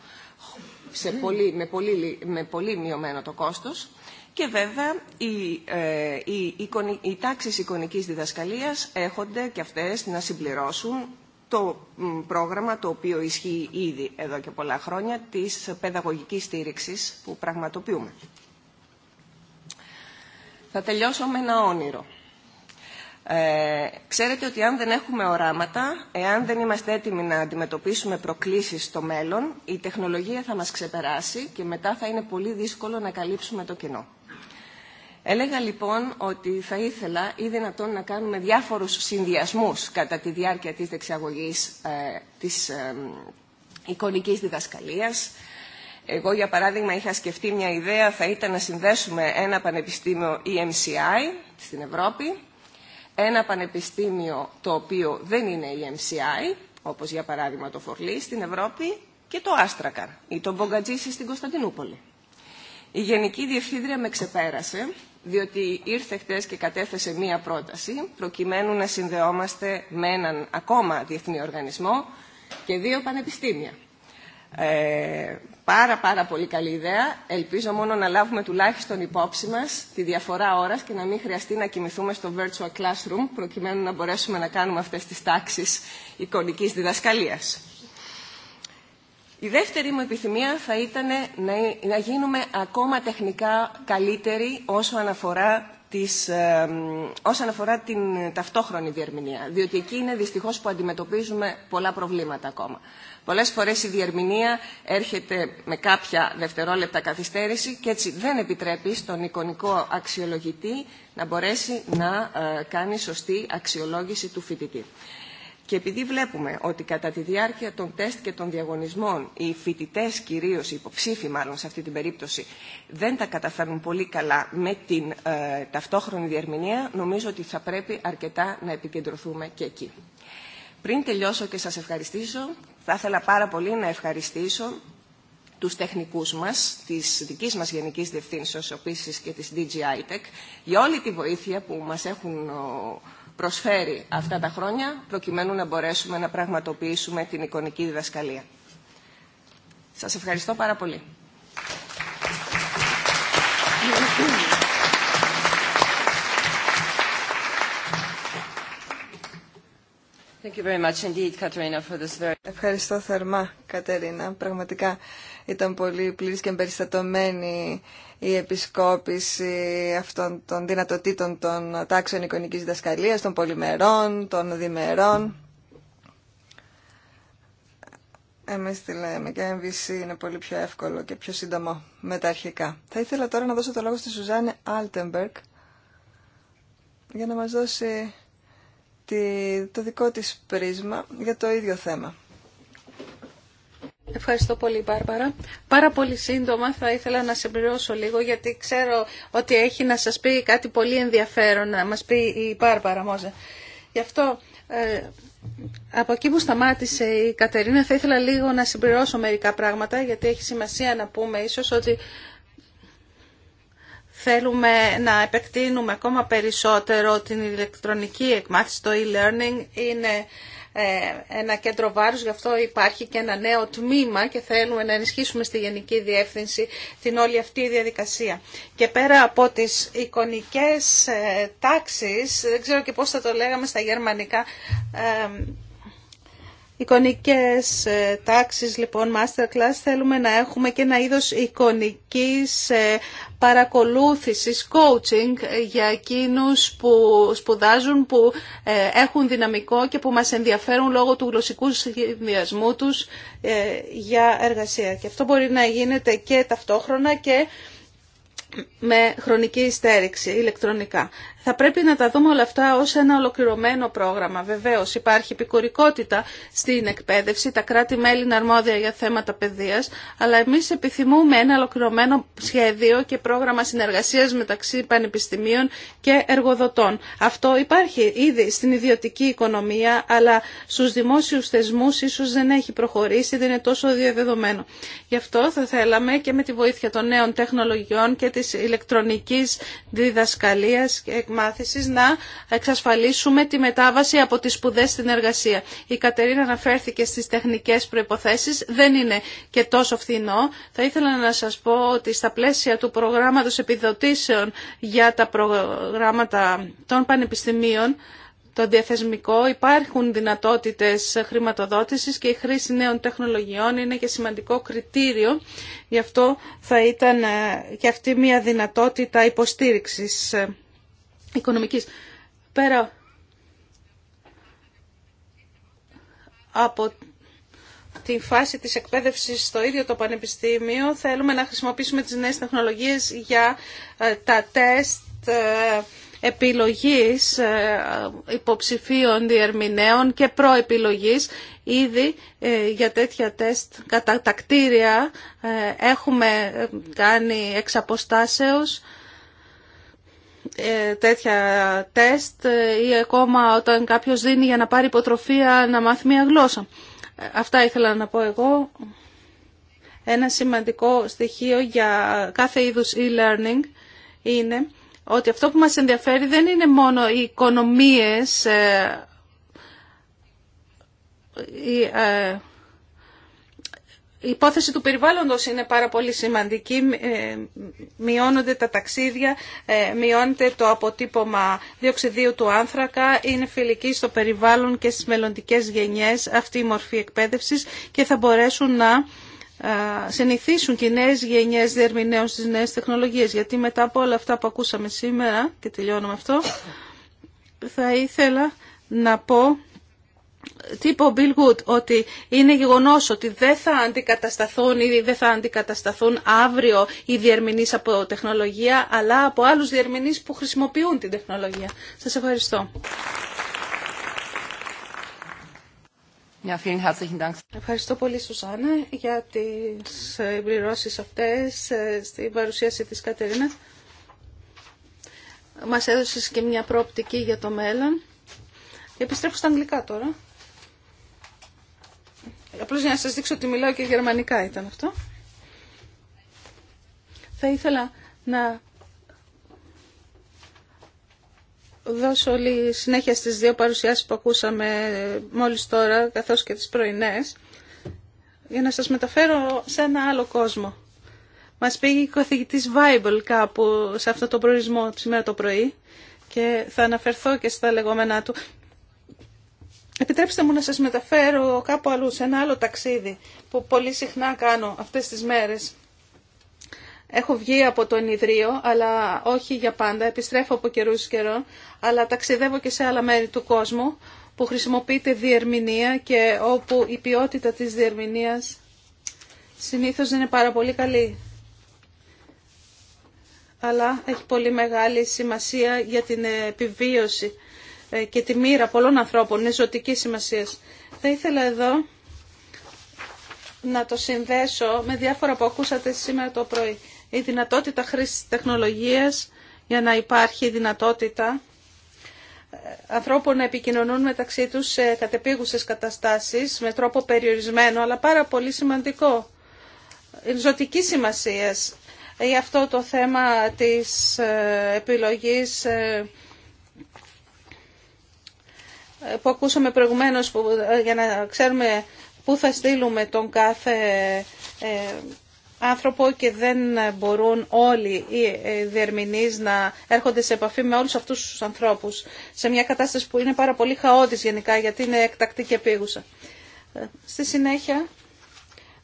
σε ναι. με, πολύ, με πολύ μειωμένο το κόστος. Και βέβαια οι, ε, οι, οι, οι τάξεις διδασκαλίας έχονται και αυτές να συμπληρώσουν το πρόγραμμα το οποίο ισχύει ήδη εδώ και πολλά χρόνια της παιδαγωγικής στήριξης που πραγματοποιούμε. Θα τελειώσω με ένα όνειρο. Ε, ξέρετε ότι αν δεν έχουμε οράματα, εάν δεν είμαστε έτοιμοι να αντιμετωπίσουμε προκλήσεις στο μέλλον, η τεχνολογία θα μας ξεπεράσει και μετά θα είναι πολύ δύσκολο να καλύψουμε το κοινό. Έλεγα λοιπόν ότι θα ήθελα ή δυνατόν να κάνουμε διάφορους συνδυασμούς κατά τη διάρκεια της δεξιαγωγής ε, της ε, εικονικής διδασκαλίας, εγώ, για παράδειγμα, είχα σκεφτεί μια ιδέα, θα ήταν να συνδέσουμε ένα πανεπιστήμιο EMCI στην Ευρώπη, ένα πανεπιστήμιο το οποίο δεν είναι EMCI, όπως για παράδειγμα το Φορλή στην Ευρώπη, και το Άστρακαρ ή το Πογκατζή στην Κωνσταντινούπολη. Η Γενική Διευθύντρια με ξεπέρασε, διότι ήρθε χτες και κατέθεσε μία πρόταση, προκειμένου να συνδεόμαστε με έναν ακόμα διεθνή οργανισμό και δύο πανεπιστήμια. Ε, πάρα πάρα πολύ καλή ιδέα. Ελπίζω μόνο να λάβουμε τουλάχιστον υπόψη μας τη διαφορά ώρας και να μην χρειαστεί να κοιμηθούμε στο virtual classroom προκειμένου να μπορέσουμε να κάνουμε αυτές τις τάξεις εικονικής διδασκαλίας. Η δεύτερη μου επιθυμία θα ήταν να, να γίνουμε ακόμα τεχνικά καλύτεροι όσο αναφορά της, ε, όσον αφορά την ταυτόχρονη διερμηνία. Διότι εκεί είναι δυστυχώς που αντιμετωπίζουμε πολλά προβλήματα ακόμα. Πολλές φορές η διερμηνία έρχεται με κάποια δευτερόλεπτα καθυστέρηση και έτσι δεν επιτρέπει στον εικονικό αξιολογητή να μπορέσει να ε, κάνει σωστή αξιολόγηση του φοιτητή. Και επειδή βλέπουμε ότι κατά τη διάρκεια των τεστ και των διαγωνισμών οι φοιτητέ κυρίω, οι υποψήφοι μάλλον σε αυτή την περίπτωση, δεν τα καταφέρνουν πολύ καλά με την ε, ταυτόχρονη διερμηνία, νομίζω ότι θα πρέπει αρκετά να επικεντρωθούμε και εκεί. Πριν τελειώσω και σας ευχαριστήσω, θα ήθελα πάρα πολύ να ευχαριστήσω τους τεχνικούς μας, της δικής μας Γενικής Διευθύνσεως, επίση και της DGITEC, για όλη τη βοήθεια που μας έχουν προσφέρει αυτά τα χρόνια προκειμένου να μπορέσουμε να πραγματοποιήσουμε την εικονική διδασκαλία. Σας ευχαριστώ πάρα πολύ. Ευχαριστώ θερμά, Κατερίνα. Πραγματικά ήταν πολύ πλήρης και εμπεριστατωμένη η επισκόπηση αυτών των δυνατοτήτων των τάξεων εικονικής διδασκαλίας, των πολυμερών, των διμερών. Εμείς τη λέμε και MVC είναι πολύ πιο εύκολο και πιο σύντομο με τα αρχικά. Θα ήθελα τώρα να δώσω το λόγο στη Σουζάνε Άλτεμπεργκ για να μας δώσει το δικό της πρίσμα για το ίδιο θέμα. Ευχαριστώ πολύ Μπάρμπαρα. Πάρα πολύ σύντομα θα ήθελα να συμπληρώσω λίγο γιατί ξέρω ότι έχει να σας πει κάτι πολύ ενδιαφέρον να μας πει η Μπάρμπαρα Μόζε. Γι' αυτό ε, από εκεί που σταμάτησε η Κατερίνα θα ήθελα λίγο να συμπληρώσω μερικά πράγματα γιατί έχει σημασία να πούμε ίσως ότι θέλουμε να επεκτείνουμε ακόμα περισσότερο την ηλεκτρονική εκμάθηση, το e-learning είναι ε, ένα κέντρο βάρους, γι' αυτό υπάρχει και ένα νέο τμήμα και θέλουμε να ενισχύσουμε στη Γενική Διεύθυνση την όλη αυτή διαδικασία. Και πέρα από τις εικονικές ε, τάξεις, δεν ξέρω και πώς θα το λέγαμε στα γερμανικά, ε, εικονικές ε, τάξεις, λοιπόν, masterclass, θέλουμε να έχουμε και ένα είδος εικονικής ε, παρακολούθησης, coaching για εκείνους που σπουδάζουν, που ε, έχουν δυναμικό και που μας ενδιαφέρουν λόγω του γλωσσικού συνδυασμού τους για εργασία. Και αυτό μπορεί να γίνεται και ταυτόχρονα και με χρονική στέριξη ηλεκτρονικά. Θα πρέπει να τα δούμε όλα αυτά ως ένα ολοκληρωμένο πρόγραμμα. Βεβαίως υπάρχει επικουρικότητα στην εκπαίδευση, τα κράτη-μέλη είναι αρμόδια για θέματα παιδείας, αλλά εμείς επιθυμούμε ένα ολοκληρωμένο σχέδιο και πρόγραμμα συνεργασίας μεταξύ πανεπιστημίων και εργοδοτών. Αυτό υπάρχει ήδη στην ιδιωτική οικονομία, αλλά στους δημόσιους θεσμούς ίσως δεν έχει προχωρήσει, δεν είναι τόσο διαδεδομένο. Γι' αυτό θα θέλαμε και με τη βοήθεια των νέων τεχνολογιών και της ηλεκτρονικής διδασκαλίας και να εξασφαλίσουμε τη μετάβαση από τις σπουδέ στην εργασία. Η Κατερίνα αναφέρθηκε στις τεχνικές προϋποθέσεις, δεν είναι και τόσο φθηνό. Θα ήθελα να σας πω ότι στα πλαίσια του προγράμματος επιδοτήσεων για τα προγράμματα των πανεπιστημίων, το διαθεσμικό υπάρχουν δυνατότητες χρηματοδότησης και η χρήση νέων τεχνολογιών είναι και σημαντικό κριτήριο. Γι' αυτό θα ήταν ε, και αυτή μια δυνατότητα υποστήριξης οικονομικής. Πέρα από τη φάση της εκπαίδευσης στο ίδιο το Πανεπιστήμιο θέλουμε να χρησιμοποιήσουμε τις νέες τεχνολογίες για ε, τα τεστ ε, επιλογής ε, υποψηφίων διερμηνέων και προεπιλογής ήδη για τέτοια τεστ κατά τα κτίρια έχουμε κάνει εξαποστάσεως. Ε, τέτοια τεστ ή ακόμα όταν κάποιος δίνει για να πάρει υποτροφία να μάθει μια γλώσσα. Ε, αυτά ήθελα να πω εγώ. Ένα σημαντικό στοιχείο για κάθε είδους e-learning είναι ότι αυτό που μας ενδιαφέρει δεν είναι μόνο οι οικονομίες, ε, η υπόθεση του περιβάλλοντος είναι πάρα πολύ σημαντική. Ε, μειώνονται τα ταξίδια, ε, μειώνεται το αποτύπωμα διοξιδίου του άνθρακα, είναι φιλική στο περιβάλλον και στις μελλοντικές γενιές αυτή η μορφή εκπαίδευσης και θα μπορέσουν να ε, συνηθίσουν και οι νέες γενιές διερμηνέων στις νέες τεχνολογίες. Γιατί μετά από όλα αυτά που ακούσαμε σήμερα, και τελειώνω αυτό, θα ήθελα να πω τύπο Bill Good ότι είναι γεγονός ότι δεν θα αντικατασταθούν ή δεν θα αντικατασταθούν αύριο οι διερμηνείς από τεχνολογία αλλά από άλλους διερμηνείς που χρησιμοποιούν την τεχνολογία. Σας ευχαριστώ. Ευχαριστώ πολύ Σουζάνα για τι εμπληρώσεις αυτές ε, στην παρουσίαση της Κατερίνα. Μας έδωσες και μια πρόπτικη για το μέλλον. Επιστρέφω στα αγγλικά τώρα. Απλώς για να σας δείξω ότι μιλάω και γερμανικά ήταν αυτό. Θα ήθελα να δώσω όλη συνέχεια στις δύο παρουσιάσεις που ακούσαμε μόλις τώρα, καθώς και τις πρωινές, για να σας μεταφέρω σε ένα άλλο κόσμο. Μας πήγε η καθηγητής Βάιμπλ κάπου σε αυτό το προορισμό σήμερα το πρωί και θα αναφερθώ και στα λεγόμενά του. Επιτρέψτε μου να σας μεταφέρω κάπου αλλού, σε ένα άλλο ταξίδι που πολύ συχνά κάνω αυτές τις μέρες. Έχω βγει από το ενιδρίο, αλλά όχι για πάντα, επιστρέφω από καιρούς καιρό, αλλά ταξιδεύω και σε άλλα μέρη του κόσμου που χρησιμοποιείται διερμηνία και όπου η ποιότητα της διερμηνίας συνήθως δεν είναι πάρα πολύ καλή. Αλλά έχει πολύ μεγάλη σημασία για την επιβίωση ε, και τη μοίρα πολλών ανθρώπων είναι ζωτική σημασία. Θα ήθελα εδώ να το συνδέσω με διάφορα που ακούσατε σήμερα το πρωί. Η δυνατότητα χρήσης τεχνολογίας για να υπάρχει δυνατότητα ε, ανθρώπων να επικοινωνούν μεταξύ τους σε κατεπίγουσες καταστάσεις με τρόπο περιορισμένο αλλά πάρα πολύ σημαντικό. Ζωτική σημασία ε, για αυτό το θέμα της επιλογής ε, που ακούσαμε προηγουμένως που, ε, για να ξέρουμε πού θα στείλουμε τον κάθε ε, άνθρωπο και δεν μπορούν όλοι οι διερμηνείς να έρχονται σε επαφή με όλους αυτούς τους ανθρώπους σε μια κατάσταση που είναι πάρα πολύ χαότης γενικά γιατί είναι εκτακτή και επίγουσα. Στη συνέχεια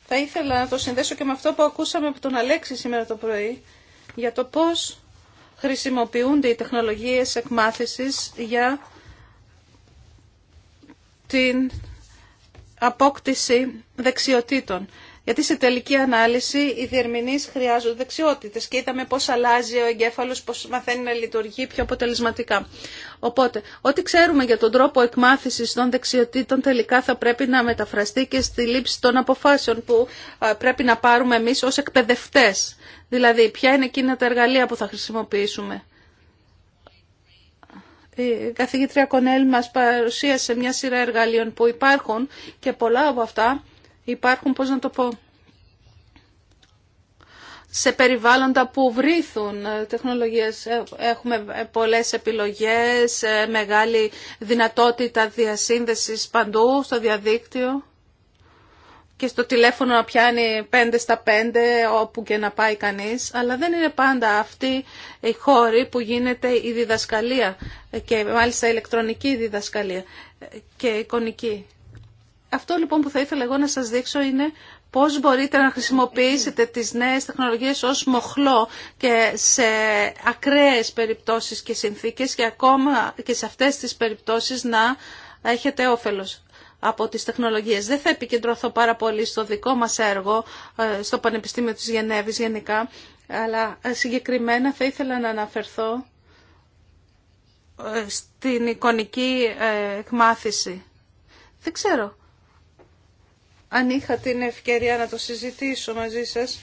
θα ήθελα να το συνδέσω και με αυτό που ακούσαμε από τον Αλέξη σήμερα το πρωί για το πώς χρησιμοποιούνται οι τεχνολογίες εκμάθησης για την απόκτηση δεξιοτήτων. Γιατί σε τελική ανάλυση οι διερμηνείς χρειάζονται δεξιότητες και είδαμε πώς αλλάζει ο εγκέφαλος, πώς μαθαίνει να λειτουργεί πιο αποτελεσματικά. Οπότε, ό,τι ξέρουμε για τον τρόπο εκμάθησης των δεξιοτήτων τελικά θα πρέπει να μεταφραστεί και στη λήψη των αποφάσεων που πρέπει να πάρουμε εμείς ως εκπαιδευτές. Δηλαδή, ποια είναι εκείνα τα εργαλεία που θα χρησιμοποιήσουμε. Η καθηγήτρια Κονέλ μας παρουσίασε μια σειρά εργαλείων που υπάρχουν και πολλά από αυτά υπάρχουν, πώς να το πω, σε περιβάλλοντα που βρίθουν ε, τεχνολογίες. Ε, έχουμε ε, πολλές επιλογές, μεγάλη δυνατότητα διασύνδεσης παντού στο διαδίκτυο και στο τηλέφωνο να πιάνει 5 στα 5 όπου και να πάει κανείς, αλλά δεν είναι πάντα αυτή η χώρη που γίνεται η διδασκαλία και μάλιστα ηλεκτρονική διδασκαλία και εικονική. Αυτό λοιπόν που θα ήθελα εγώ να σας δείξω είναι πώς μπορείτε να χρησιμοποιήσετε τις νέες τεχνολογίες ως μοχλό και σε ακραίες περιπτώσεις και συνθήκες και ακόμα και σε αυτές τις περιπτώσεις να έχετε όφελος από τις τεχνολογίες. Δεν θα επικεντρωθώ πάρα πολύ στο δικό μας έργο, ε, στο Πανεπιστήμιο της Γενέβης γενικά, αλλά ε, συγκεκριμένα θα ήθελα να αναφερθώ ε, στην εικονική εκμάθηση. Δεν ξέρω αν είχα την ευκαιρία να το συζητήσω μαζί σας.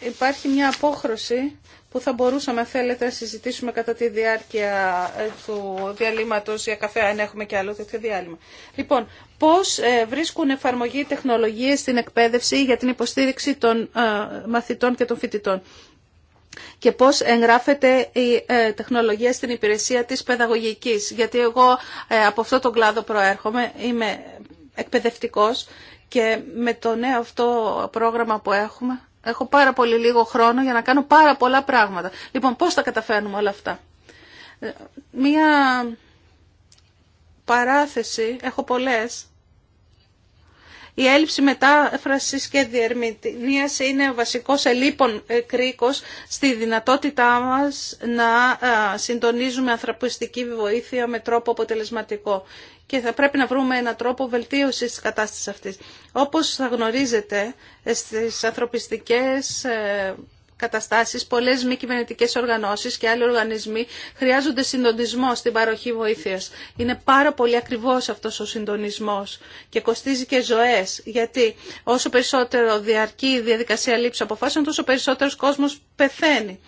Υπάρχει μια απόχρωση που θα μπορούσαμε, θέλετε, να συζητήσουμε κατά τη διάρκεια ε, του διαλύματος για καφέ, αν έχουμε και άλλο τέτοιο διάλειμμα. Λοιπόν, πώς ε, βρίσκουν εφαρμογή τεχνολογίες στην εκπαίδευση για την υποστήριξη των ε, μαθητών και των φοιτητών και πώς εγγράφεται η τεχνολογία στην υπηρεσία της παιδαγωγικής. Γιατί εγώ από αυτό τον κλάδο προέρχομαι, είμαι εκπαιδευτικός και με το νέο αυτό πρόγραμμα που έχουμε Έχω πάρα πολύ λίγο χρόνο για να κάνω πάρα πολλά πράγματα. Λοιπόν, πώς τα καταφέρνουμε όλα αυτά. Ε, μία παράθεση, έχω πολλές. Η έλλειψη μετάφρασης και διερμηνίας είναι ο βασικός ελίπων ε, κρίκος στη δυνατότητά μας να ε, συντονίζουμε ανθρωπιστική βοήθεια με τρόπο αποτελεσματικό και θα πρέπει να βρούμε έναν τρόπο βελτίωσης της κατάστασης αυτής. Όπως θα γνωρίζετε στις ανθρωπιστικές ε, καταστάσεις, πολλές μη κυβερνητικέ οργανώσεις και άλλοι οργανισμοί χρειάζονται συντονισμό στην παροχή βοήθειας. Είναι πάρα πολύ ακριβώς αυτός ο συντονισμός και κοστίζει και ζωές, γιατί όσο περισσότερο διαρκεί η διαδικασία λήψη αποφάσεων, τόσο περισσότερος κόσμος πεθαίνει.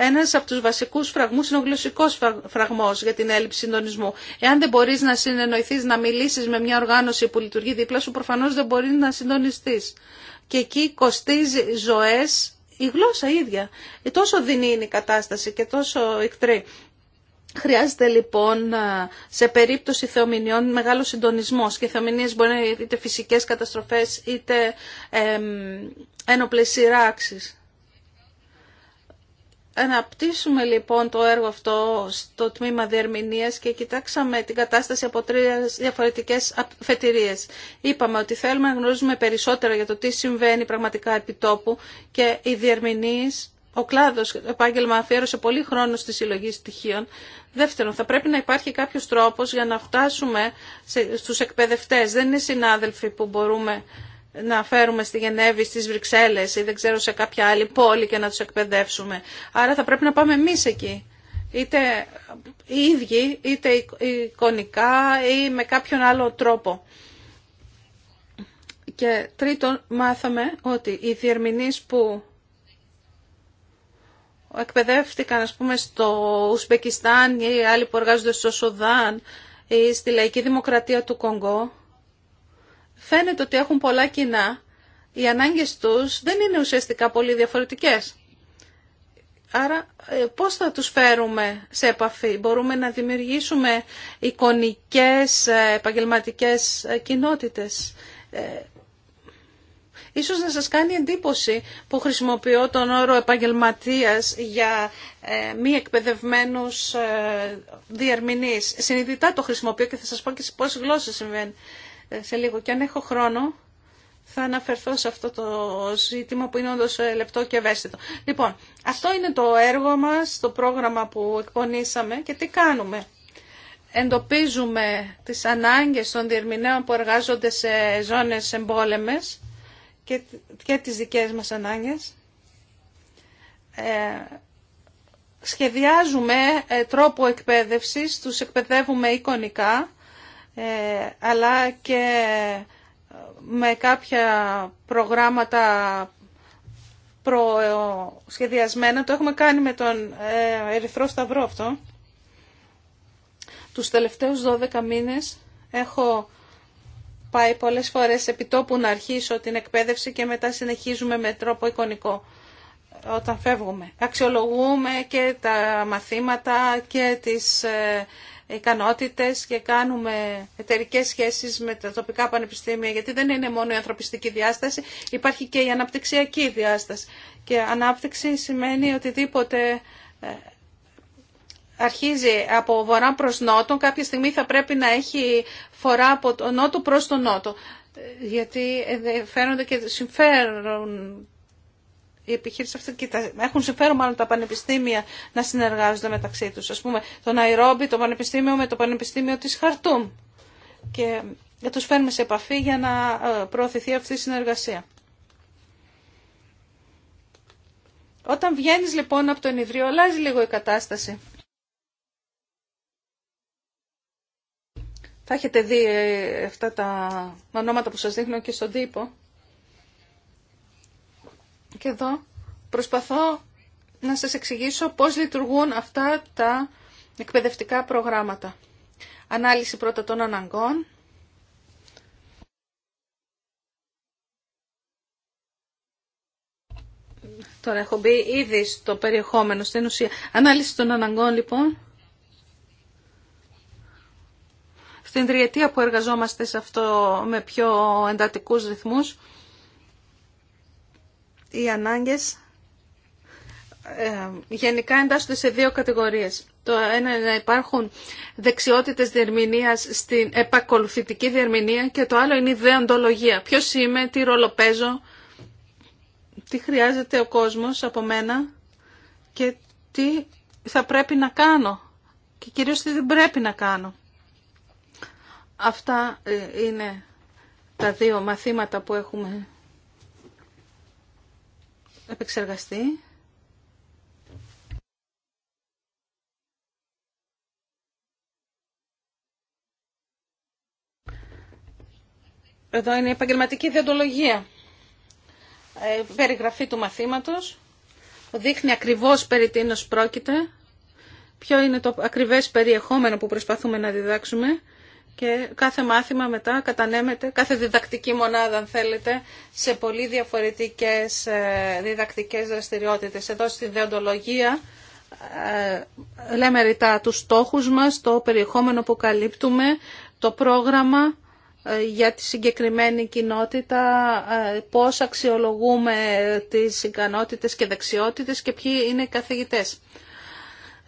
Ένας από τους βασικούς φραγμούς είναι ο γλωσσικός φραγμός για την έλλειψη συντονισμού. Εάν δεν μπορείς να συνεννοηθείς, να μιλήσεις με μια οργάνωση που λειτουργεί δίπλα σου, προφανώς δεν μπορεί να συντονιστείς. Και εκεί κοστίζει ζωές η γλώσσα ίδια. Ε, τόσο δεινή είναι η κατάσταση και τόσο εκτρή. Χρειάζεται λοιπόν σε περίπτωση θεομηνιών μεγάλο συντονισμό και θεομηνίες μπορεί να είναι είτε φυσικές καταστροφές είτε ε, ένοπλες Αναπτύσσουμε λοιπόν το έργο αυτό στο τμήμα διερμηνίας και κοιτάξαμε την κατάσταση από τρεις διαφορετικές αφετηρίες. Είπαμε ότι θέλουμε να γνωρίζουμε περισσότερο για το τι συμβαίνει πραγματικά επί τόπου και οι διερμηνείς, ο κλάδος, επάγγελμα αφιέρωσε πολύ χρόνο στη συλλογή στοιχείων. Δεύτερον, θα πρέπει να υπάρχει κάποιος τρόπος για να φτάσουμε στους εκπαιδευτές. Δεν είναι συνάδελφοι που μπορούμε να φέρουμε στη Γενέβη, στις Βρυξέλλες ή δεν ξέρω σε κάποια άλλη πόλη και να τους εκπαιδεύσουμε. Άρα θα πρέπει να πάμε εμείς εκεί. Είτε οι ίδιοι, είτε εικονικά ή με κάποιον άλλο τρόπο. Και τρίτον, μάθαμε ότι οι διερμηνείς που εκπαιδεύτηκαν, ας πούμε, στο Ουσμπεκιστάν ή άλλοι που εργάζονται στο Σοδάν ή στη Λαϊκή Δημοκρατία του Κονγκό, φαίνεται ότι έχουν πολλά κοινά, οι ανάγκες τους δεν είναι ουσιαστικά πολύ διαφορετικές. Άρα ε, πώς θα τους φέρουμε σε επαφή. Μπορούμε να δημιουργήσουμε εικονικές ε, επαγγελματικές ε, κοινότητες. Ίσως να σας κάνει εντύπωση που χρησιμοποιώ τον όρο επαγγελματίας για μη εκπαιδευμένους διερμηνείς. Συνειδητά το χρησιμοποιώ και θα σας πω και σε πόσες γλώσσες συμβαίνει σε λίγο. Και αν έχω χρόνο, θα αναφερθώ σε αυτό το ζήτημα που είναι όντως ε, λεπτό και ευαίσθητο. Λοιπόν, αυτό είναι το έργο μας, το πρόγραμμα που εκπονήσαμε και τι κάνουμε. Εντοπίζουμε τις ανάγκες των διερμηνέων που εργάζονται σε ζώνες εμπόλεμες και, και τις δικές μας ανάγκες. Ε, σχεδιάζουμε ε, τρόπο εκπαίδευσης, τους εκπαιδεύουμε εικονικά ε, αλλά και με κάποια προγράμματα προσχεδιασμένα. Το έχουμε κάνει με τον ε, Ερυθρό Σταυρό αυτό. Τους τελευταίους 12 μήνες έχω πάει πολλές φορές επί να αρχίσω την εκπαίδευση και μετά συνεχίζουμε με τρόπο εικονικό όταν φεύγουμε. Αξιολογούμε και τα μαθήματα και τις ε, ικανότητες και κάνουμε εταιρικέ σχέσεις με τα τοπικά πανεπιστήμια, γιατί δεν είναι μόνο η ανθρωπιστική διάσταση, υπάρχει και η αναπτυξιακή διάσταση. Και ανάπτυξη σημαίνει οτιδήποτε ε, αρχίζει από βορρά προς νότο, κάποια στιγμή θα πρέπει να έχει φορά από το νότο προς τον νότο. Ε, γιατί φαίνονται και συμφέρουν οι επιχείρησεις αυτές, έχουν συμφέρον μάλλον τα πανεπιστήμια να συνεργάζονται μεταξύ τους. Ας πούμε, το Ναϊρόμπι, το πανεπιστήμιο με το πανεπιστήμιο της Χαρτούμ. Και ε, του φέρνουμε σε επαφή για να ε, προωθηθεί αυτή η συνεργασία. Όταν βγαίνεις λοιπόν από το ενιδρίο, αλλάζει λίγο η κατάσταση. Θα έχετε δει ε, αυτά τα ονόματα που σας δείχνω και στον τύπο. Και εδώ προσπαθώ να σας εξηγήσω πώς λειτουργούν αυτά τα εκπαιδευτικά προγράμματα. Ανάλυση πρώτα των αναγκών. Τώρα έχω μπει ήδη στο περιεχόμενο, στην ουσία. Ανάλυση των αναγκών λοιπόν. Στην τριετία που εργαζόμαστε σε αυτό με πιο εντατικούς ρυθμούς, οι ανάγκες ε, γενικά εντάσσονται σε δύο κατηγορίες. Το ένα είναι να υπάρχουν δεξιότητες διερμηνίας στην επακολουθητική διερμηνία και το άλλο είναι η δεοντολογία. Ποιος είμαι, τι ρόλο παίζω, τι χρειάζεται ο κόσμος από μένα και τι θα πρέπει να κάνω και κυρίως τι δεν πρέπει να κάνω. Αυτά ε, είναι τα δύο μαθήματα που έχουμε επεξεργαστεί. Εδώ είναι η επαγγελματική διοντολογία. Ε, περιγραφή του μαθήματος. Δείχνει ακριβώς περί τίνος πρόκειται. Ποιο είναι το ακριβές περιεχόμενο που προσπαθούμε να διδάξουμε και κάθε μάθημα μετά κατανέμεται, κάθε διδακτική μονάδα αν θέλετε, σε πολύ διαφορετικές ε, διδακτικές δραστηριότητες. Εδώ στη δεοντολογία ε, λέμε ρητά τους στόχους μας, το περιεχόμενο που καλύπτουμε, το πρόγραμμα ε, για τη συγκεκριμένη κοινότητα, πώς αξιολογούμε τις ικανότητες και δεξιότητες και ποιοι είναι οι καθηγητές.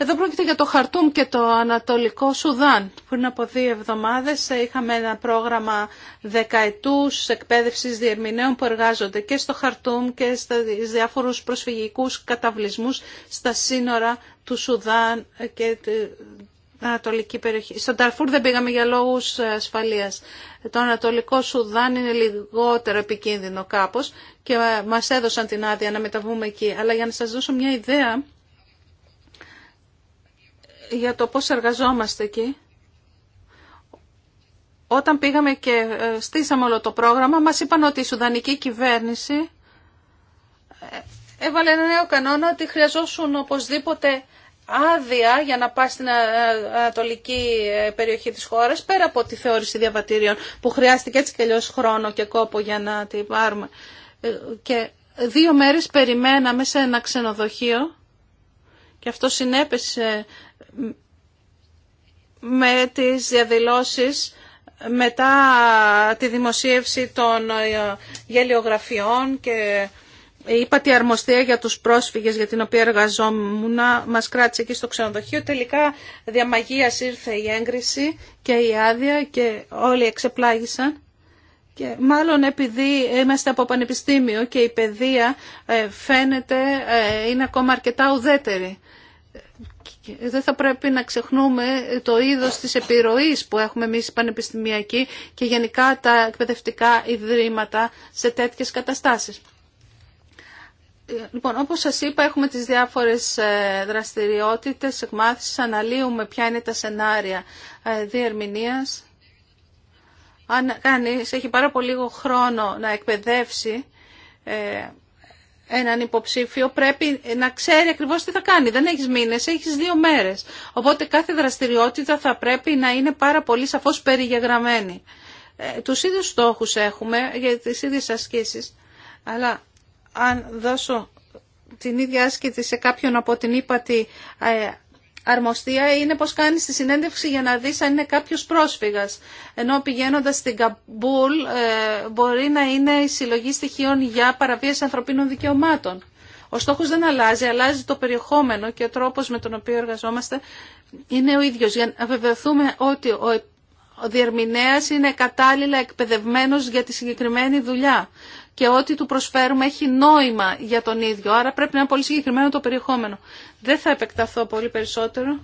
Εδώ πρόκειται για το Χαρτούμ και το Ανατολικό Σουδάν. Πριν από δύο εβδομάδες ε, είχαμε ένα πρόγραμμα δεκαετούς εκπαίδευσης διερμηνέων που εργάζονται και στο Χαρτούμ και στις διάφορους προσφυγικούς καταβλισμούς στα σύνορα του Σουδάν και την Ανατολική περιοχή. Στον Ταρφούρ δεν πήγαμε για λόγους ε, ασφαλείας. Το Ανατολικό Σουδάν είναι λιγότερο επικίνδυνο κάπως και ε, μας έδωσαν την άδεια να μεταβούμε εκεί. Αλλά για να σας δώσω μια ιδέα για το πώς εργαζόμαστε εκεί. Όταν πήγαμε και ε, στήσαμε όλο το πρόγραμμα, μας είπαν ότι η Σουδανική κυβέρνηση ε, έβαλε ένα νέο κανόνα ότι χρειαζόσουν οπωσδήποτε άδεια για να πάει στην ε, ανατολική περιοχή της χώρας, πέρα από τη θεώρηση διαβατήριων που χρειάστηκε έτσι και αλλιώς χρόνο και κόπο για να τη πάρουμε. Και δύο μέρες περιμέναμε σε ένα ξενοδοχείο και αυτό συνέπεσε με τις διαδηλώσεις μετά τη δημοσίευση των ε, γελιογραφιών και είπα τη αρμοστία για τους πρόσφυγες για την οποία εργαζόμουν μας κράτησε εκεί στο ξενοδοχείο. Τελικά διαμαγείας ήρθε η έγκριση και η άδεια και όλοι εξεπλάγησαν. Και μάλλον επειδή είμαστε από πανεπιστήμιο και η παιδεία ε, φαίνεται ε, είναι ακόμα αρκετά ουδέτερη. Ε, δεν θα πρέπει να ξεχνούμε το είδος της επιρροής που έχουμε εμείς πανεπιστημιακοί και γενικά τα εκπαιδευτικά ιδρύματα σε τέτοιες καταστάσεις. Ε, λοιπόν, όπως σας είπα, έχουμε τις διάφορες ε, δραστηριότητες, εκμάθησης, αναλύουμε ποια είναι τα σενάρια διερμηνίας. Αν κανείς έχει πάρα πολύ λίγο χρόνο να εκπαιδεύσει έναν υποψήφιο πρέπει να ξέρει ακριβώς τι θα κάνει. Δεν έχεις μήνες, έχεις δύο μέρες. Οπότε κάθε δραστηριότητα θα πρέπει να είναι πάρα πολύ σαφώς περιγεγραμμένη. Ε, τους ίδιους στόχους έχουμε για τις ίδιες ασκήσεις. Αλλά αν δώσω την ίδια άσκηση σε κάποιον από την ύπατη ε, αρμοστία είναι πως κάνεις τη συνέντευξη για να δεις αν είναι κάποιος πρόσφυγας. Ενώ πηγαίνοντας στην Καμπούλ ε, μπορεί να είναι η συλλογή στοιχείων για παραβίαση ανθρωπίνων δικαιωμάτων. Ο στόχος δεν αλλάζει, αλλάζει το περιεχόμενο και ο τρόπος με τον οποίο εργαζόμαστε είναι ο ίδιος. Για να βεβαιωθούμε ότι ο διερμηνέας είναι κατάλληλα εκπαιδευμένος για τη συγκεκριμένη δουλειά και ό,τι του προσφέρουμε έχει νόημα για τον ίδιο. Άρα πρέπει να είναι πολύ συγκεκριμένο το περιεχόμενο. Δεν θα επεκταθώ πολύ περισσότερο.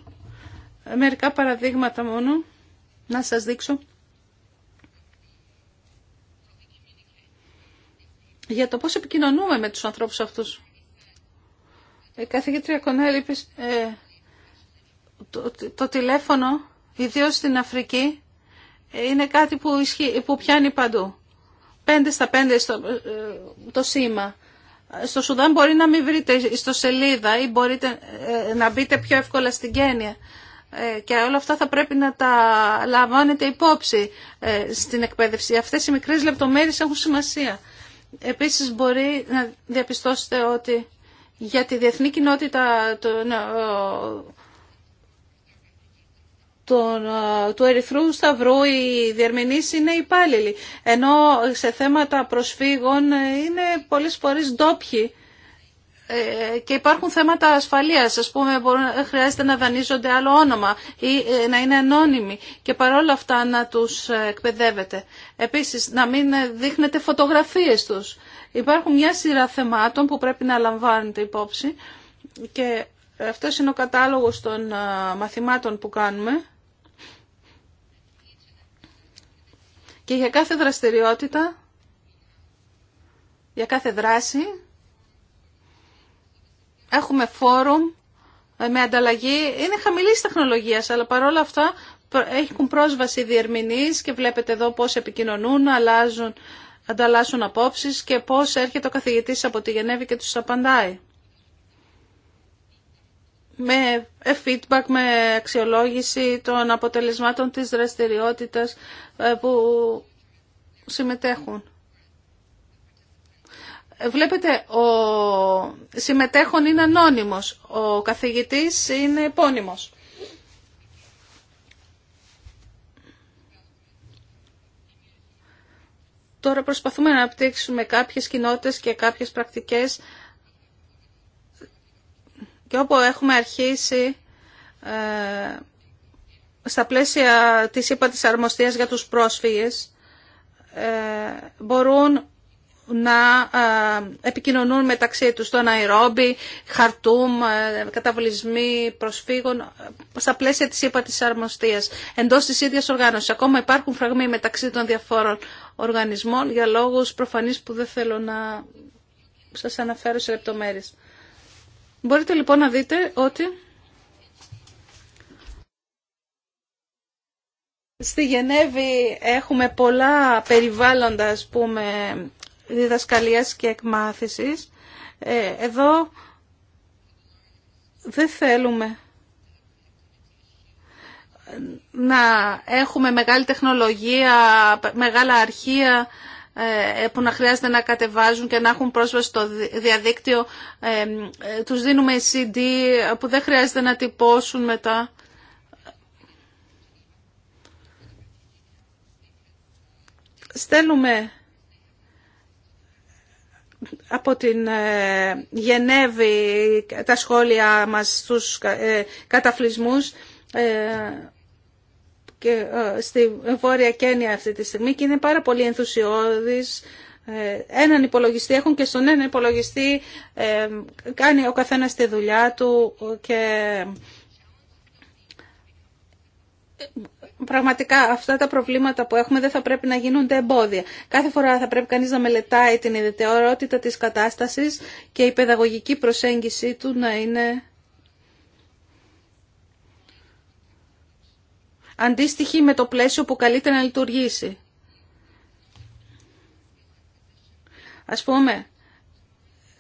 Ε, μερικά παραδείγματα μόνο να σας δείξω. Για το πώς επικοινωνούμε με τους ανθρώπους αυτούς. Η ε, καθηγήτρια Κονέλη είπε ε, το, το τηλέφωνο, ιδίως στην Αφρική, ε, είναι κάτι που, που πιάνει παντού. Πέντε στα πέντε στο, ε, το σήμα. Στο Σουδάν μπορεί να μην βρείτε στο σελίδα ή μπορείτε ε, να μπείτε πιο εύκολα στην Κένια. Ε, και όλα αυτά θα πρέπει να τα λαμβάνετε υπόψη στην εκπαίδευση. Αυτές οι μικρές λεπτομέρειες έχουν σημασία. Επίσης μπορεί να διαπιστώσετε ότι για τη διεθνή κοινότητα τον, του Ερυθρού Σταυρού οι διερμηνείς είναι υπάλληλοι, ενώ σε θέματα προσφύγων ε, είναι πολλές φορές ντόπιοι ε, και υπάρχουν θέματα ασφαλείας, ας πούμε μπορεί, χρειάζεται να δανείζονται άλλο όνομα ή ε, να είναι ανώνυμοι και παρόλα αυτά να τους εκπαιδεύετε. Επίσης να μην δείχνετε φωτογραφίες τους. Υπάρχουν μια σειρά θεμάτων που πρέπει να λαμβάνετε υπόψη και αυτός είναι ο κατάλογος των μαθημάτων που κάνουμε. Και για κάθε δραστηριότητα, για κάθε δράση, έχουμε φόρουμ ε, με ανταλλαγή. Είναι χαμηλής τεχνολογίας, αλλά παρόλα αυτά έχουν πρόσβαση διερμηνείς και βλέπετε εδώ πώς επικοινωνούν, αλλάζουν, ανταλλάσσουν απόψεις και πώς έρχεται ο καθηγητής από τη Γενέβη και τους απαντάει με feedback, με αξιολόγηση των αποτελεσμάτων της δραστηριότητας ε, που συμμετέχουν. Βλέπετε, ο συμμετέχων είναι ανώνυμος, ο καθηγητής είναι επώνυμος. Τώρα προσπαθούμε να αναπτύξουμε κάποιες κοινότητες και κάποιες πρακτικές και όπου έχουμε αρχίσει ε, στα πλαίσια της είπα της αρμοστίας για τους πρόσφυγες ε, μπορούν να ε, επικοινωνούν μεταξύ τους στο αϊρόμπι, Χαρτούμ, ε, καταβολισμοί, προσφύγων ε, στα πλαίσια της ΥΠΑ της Αρμοστίας εντός της ίδιας οργάνωσης. Ακόμα υπάρχουν φραγμοί μεταξύ των διαφόρων οργανισμών για λόγους προφανείς που δεν θέλω να σας αναφέρω σε λεπτομέρειες. Μπορείτε λοιπόν να δείτε ότι στη Γενέβη έχουμε πολλά περιβάλλοντα ας διδασκαλίας και εκμάθησης. Ε, εδώ δεν θέλουμε να έχουμε μεγάλη τεχνολογία, μεγάλα αρχεία, ε, που να χρειάζεται να κατεβάζουν και να έχουν πρόσβαση στο διαδίκτυο. Ε, ε, τους δίνουμε CD που δεν χρειάζεται να τυπώσουν μετά. Στέλνουμε από την Γενέβη τα σχόλια μας στους καταφλισμούς και ε, στη Βόρεια Κένια αυτή τη στιγμή και είναι πάρα πολύ ενθουσιώδης. Ε, έναν υπολογιστή έχουν και στον έναν υπολογιστή ε, κάνει ο καθένας τη δουλειά του και πραγματικά αυτά τα προβλήματα που έχουμε δεν θα πρέπει να γίνονται εμπόδια. Κάθε φορά θα πρέπει κανείς να μελετάει την ιδιαιτερότητα της κατάστασης και η παιδαγωγική προσέγγιση του να είναι αντίστοιχη με το πλαίσιο που καλείται να λειτουργήσει. Ας πούμε,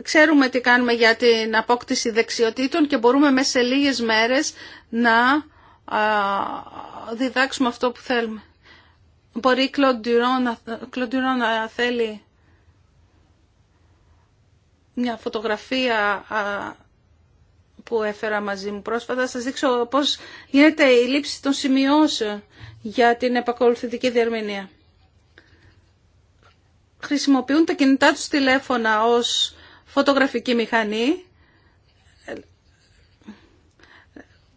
ξέρουμε τι κάνουμε για την απόκτηση δεξιοτήτων και μπορούμε μέσα σε λίγες μέρες να διδάξουμε αυτό που θέλουμε. Μπορεί η Κλοντιρό να θέλει μια φωτογραφία που έφερα μαζί μου πρόσφατα. σας δείξω πώς γίνεται η λήψη των σημειώσεων για την επακολουθητική διερμηνία. Χρησιμοποιούν τα κινητά τους τηλέφωνα ως φωτογραφική μηχανή.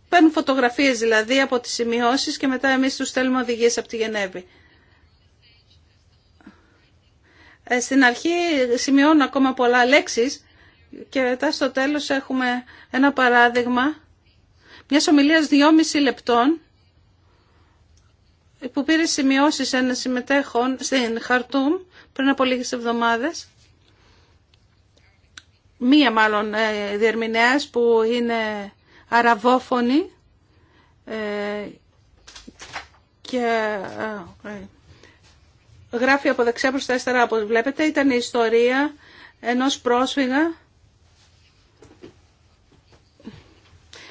Παίρνουν φωτογραφίες δηλαδή από τις σημειώσεις και μετά εμείς τους στέλνουμε οδηγίες από τη Γενέβη. Ε, στην αρχή σημειώνω ακόμα πολλά λέξεις, και μετά στο τέλος έχουμε ένα παράδειγμα μια ομιλίας 2,5 λεπτών που πήρε σημειώσει ένα συμμετέχων στην Χαρτούμ πριν από λίγες εβδομάδες. Μία μάλλον ε, διερμηνέας που είναι αραβόφωνη ε, και ε, γράφει από δεξιά προς τα αριστερά όπως βλέπετε. Ήταν η ιστορία ενός πρόσφυγα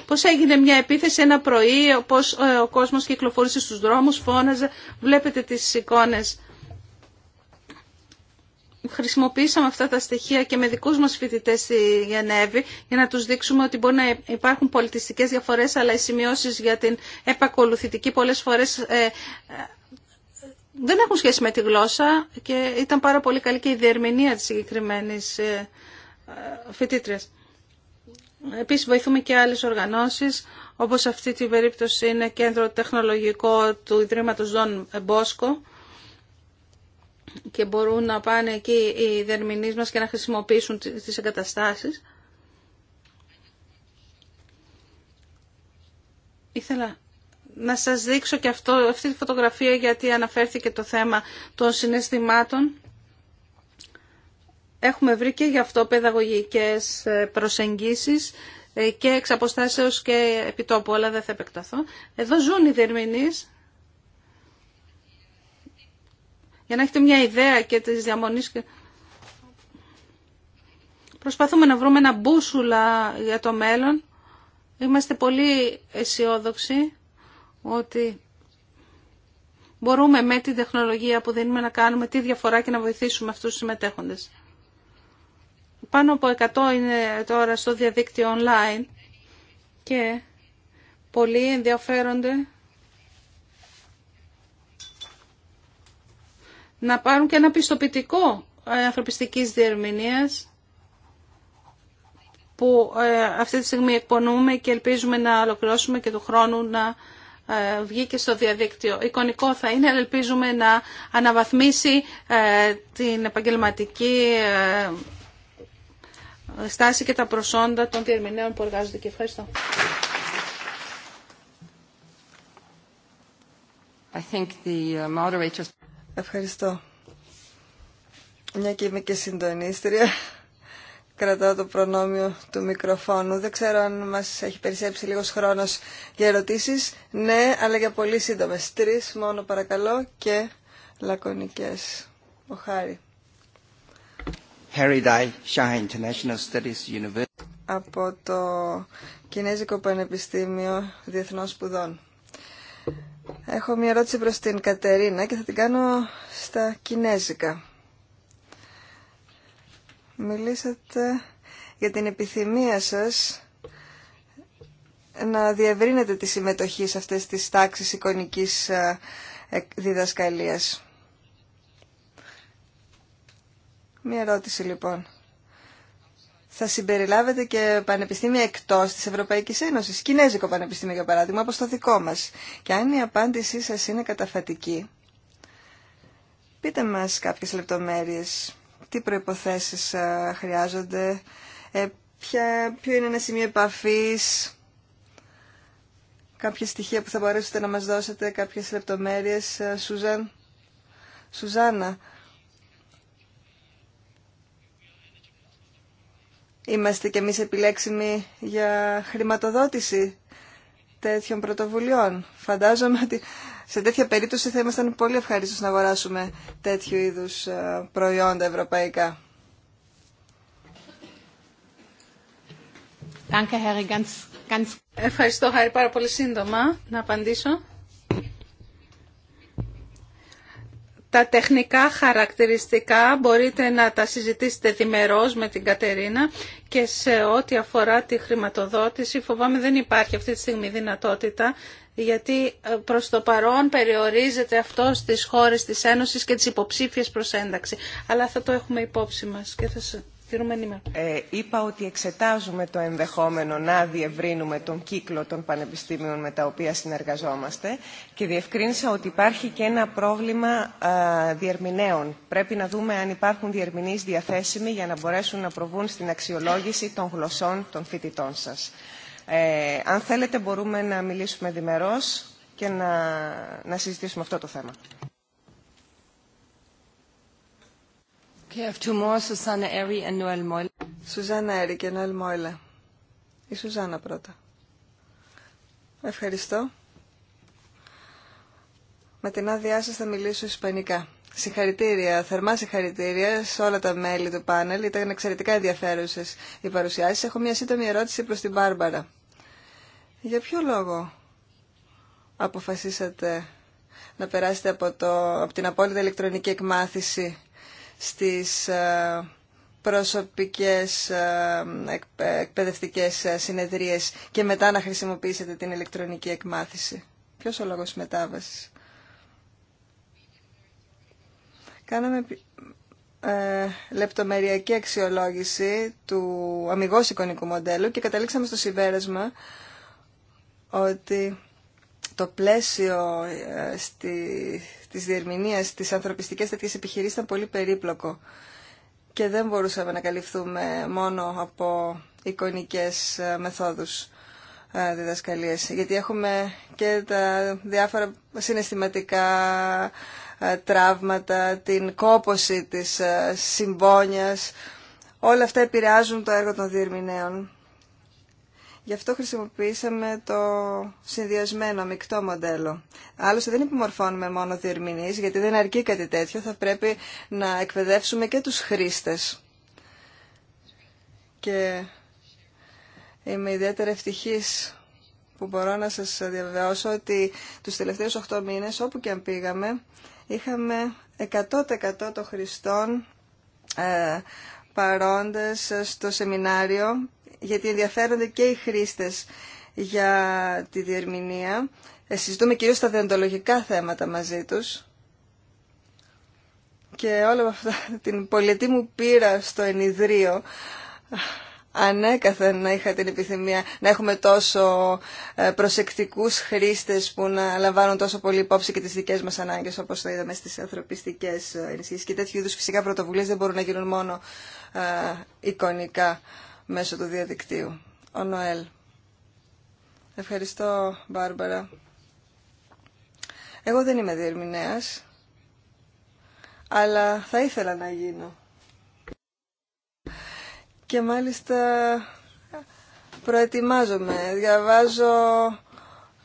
πώς έγινε μια επίθεση ένα πρωί, πώς ε, ο κόσμος κυκλοφορούσε στους δρόμους, φώναζε, βλέπετε τις εικόνες. Χρησιμοποίησαμε αυτά τα στοιχεία και με δικού μας φοιτητέ στη Γενέβη για να τους δείξουμε ότι μπορεί να υπάρχουν πολιτιστικέ διαφορές αλλά οι σημειώσει για την επακολουθητική πολλές φορές ε, ε, δεν έχουν σχέση με τη γλώσσα και ήταν πάρα πολύ καλή και η διερμηνία της συγκεκριμένης φοιτήτριας. Επίσης βοηθούμε και άλλες οργανώσεις, όπως αυτή την περίπτωση είναι κέντρο τεχνολογικό του Ιδρύματος Δον Μπόσκο και μπορούν να πάνε εκεί οι δερμηνείς μας και να χρησιμοποιήσουν τις εγκαταστάσεις. Ήθελα να σας δείξω και αυτό, αυτή τη φωτογραφία γιατί αναφέρθηκε το θέμα των συναισθημάτων έχουμε βρει και γι' αυτό παιδαγωγικές ε, προσεγγίσεις ε, και εξ αποστάσεως και επιτόπου, αλλά δεν θα επεκταθώ. Εδώ ζουν οι δερμηνείς Για να έχετε μια ιδέα και τις διαμονής. Προσπαθούμε να βρούμε ένα μπούσουλα για το μέλλον. Είμαστε πολύ αισιόδοξοι ότι μπορούμε με την τεχνολογία που δίνουμε να κάνουμε τη διαφορά και να βοηθήσουμε αυτούς τους συμμετέχοντες. Πάνω από 100 είναι τώρα στο διαδίκτυο online και πολλοί ενδιαφέρονται να πάρουν και ένα πιστοποιητικό ε, ανθρωπιστικής διερμηνίας που ε, αυτή τη στιγμή εκπονούμε και ελπίζουμε να ολοκληρώσουμε και του χρόνου να ε, βγει και στο διαδίκτυο. Εικονικό θα είναι, ελπίζουμε να αναβαθμίσει την επαγγελματική στάση και τα προσόντα των διερμηνέων που εργάζονται και ευχαριστώ. I think the uh, Ευχαριστώ. Μια και είμαι και συντονίστρια, κρατάω το προνόμιο του μικροφόνου. Δεν ξέρω αν μας έχει περισσέψει λίγος χρόνος για ερωτήσεις. Ναι, αλλά για πολύ σύντομες. Τρεις μόνο παρακαλώ και λακωνικές. Ο Χάρη από το Κινέζικο Πανεπιστήμιο Διεθνών Σπουδών. Έχω μια ερώτηση προς την Κατερίνα και θα την κάνω στα Κινέζικα. Μιλήσατε για την επιθυμία σας να διευρύνετε τη συμμετοχή σε αυτές τις τάξεις εικονικής ε, διδασκαλίας. Μία ερώτηση λοιπόν. Θα συμπεριλάβετε και πανεπιστήμια εκτός της Ευρωπαϊκής Ένωσης, Κινέζικο Πανεπιστήμιο για παράδειγμα, όπω το δικό μας. Και αν η απάντησή σας είναι καταφατική, πείτε μας κάποιες λεπτομέρειες. Τι προϋποθέσεις ε, χρειάζονται, ε, ποιο είναι ένα σημείο επαφής, κάποια στοιχεία που θα μπορέσετε να μας δώσετε, κάποιες λεπτομέρειες. Ε, Σουζάν, είμαστε κι εμείς επιλέξιμοι για χρηματοδότηση τέτοιων πρωτοβουλειών. Φαντάζομαι ότι σε τέτοια περίπτωση θα ήμασταν πολύ ευχαρίστως να αγοράσουμε τέτοιου είδους ε, προϊόντα ευρωπαϊκά. Ευχαριστώ, Χάρη, πάρα πολύ σύντομα να απαντήσω. Τα τεχνικά χαρακτηριστικά μπορείτε να τα συζητήσετε διμερώς με την Κατερίνα και σε ό,τι αφορά τη χρηματοδότηση φοβάμαι δεν υπάρχει αυτή τη στιγμή δυνατότητα γιατί ε, προς το παρόν περιορίζεται αυτό στις χώρες της Ένωσης και τις υποψήφιες προς ένταξη. Αλλά θα το έχουμε υπόψη μας και θα ε, είπα ότι εξετάζουμε το ενδεχόμενο να διευρύνουμε τον κύκλο των πανεπιστήμιων με τα οποία συνεργαζόμαστε και διευκρίνησα ότι υπάρχει και ένα πρόβλημα διερμηνέων. Πρέπει να δούμε αν υπάρχουν διερμηνείς διαθέσιμοι για να μπορέσουν να προβούν στην αξιολόγηση των γλωσσών των φοιτητών σας. Ε, αν θέλετε μπορούμε να μιλήσουμε διμερώς και να, να συζητήσουμε αυτό το θέμα. Σουζάννα Έρη και Νοέλ Μόιλε. Η Σουζάννα πρώτα. Ευχαριστώ. Με την άδειά σας θα μιλήσω ισπανικά. Συγχαρητήρια, θερμά συγχαρητήρια σε όλα τα μέλη του πάνελ. Ήταν εξαιρετικά ενδιαφέρουσε οι παρουσιάσει. Έχω μια σύντομη ερώτηση προ την Μπάρμπαρα. Για ποιο λόγο αποφασίσατε να περάσετε από, το, από την απόλυτα ηλεκτρονική εκμάθηση στις ε, προσωπικές ε, εκπαιδευτικές ε, συνεδρίες και μετά να χρησιμοποιήσετε την ηλεκτρονική εκμάθηση. Ποιος ο λόγος μετάβασης. Κάναμε ε, λεπτομεριακή αξιολόγηση του αμυγός εικονικού μοντέλου και καταλήξαμε στο συμπέρασμα ότι το πλαίσιο στη, της διερμηνίας, της ανθρωπιστικές τέτοιες επιχειρήσεις ήταν πολύ περίπλοκο και δεν μπορούσαμε να καλυφθούμε μόνο από εικονικές ε, μεθόδους ε, διδασκαλίας γιατί έχουμε και τα διάφορα συναισθηματικά ε, τραύματα, την κόποση της συμπόνιας, όλα αυτά επηρεάζουν το έργο των διερμηνέων Γι' αυτό χρησιμοποιήσαμε το συνδυασμένο μεικτό μοντέλο. Άλλωστε δεν επιμορφώνουμε μόνο διερμηνείς, γιατί δεν αρκεί κάτι τέτοιο. Θα πρέπει να εκπαιδεύσουμε και τους χρήστες. Και είμαι ιδιαίτερα ευτυχής που μπορώ να σας διαβεβαιώσω ότι τους τελευταίους 8 μήνες, όπου και αν πήγαμε, είχαμε 100% των χρηστών ε, παρόντες στο σεμινάριο γιατί ενδιαφέρονται και οι χρήστες για τη διερμηνία. Ε, συζητούμε κυρίως τα διοντολογικά θέματα μαζί τους. Και όλα αυτά, *laughs* την πολιτή μου πείρα στο ενιδρίο, ανέκαθεν να είχα την επιθυμία να έχουμε τόσο ε, προσεκτικούς χρήστες που να λαμβάνουν τόσο πολύ υπόψη και τις δικές μας ανάγκες όπως το είδαμε στις ανθρωπιστικές ε, ενισχύσεις και τέτοιου είδους φυσικά πρωτοβουλίες δεν μπορούν να γίνουν μόνο εικονικά μέσω του διαδικτύου. Ο Νοέλ. Ευχαριστώ, Μπάρμπαρα. Εγώ δεν είμαι διερμηνέας, αλλά θα ήθελα να γίνω. Και μάλιστα προετοιμάζομαι, διαβάζω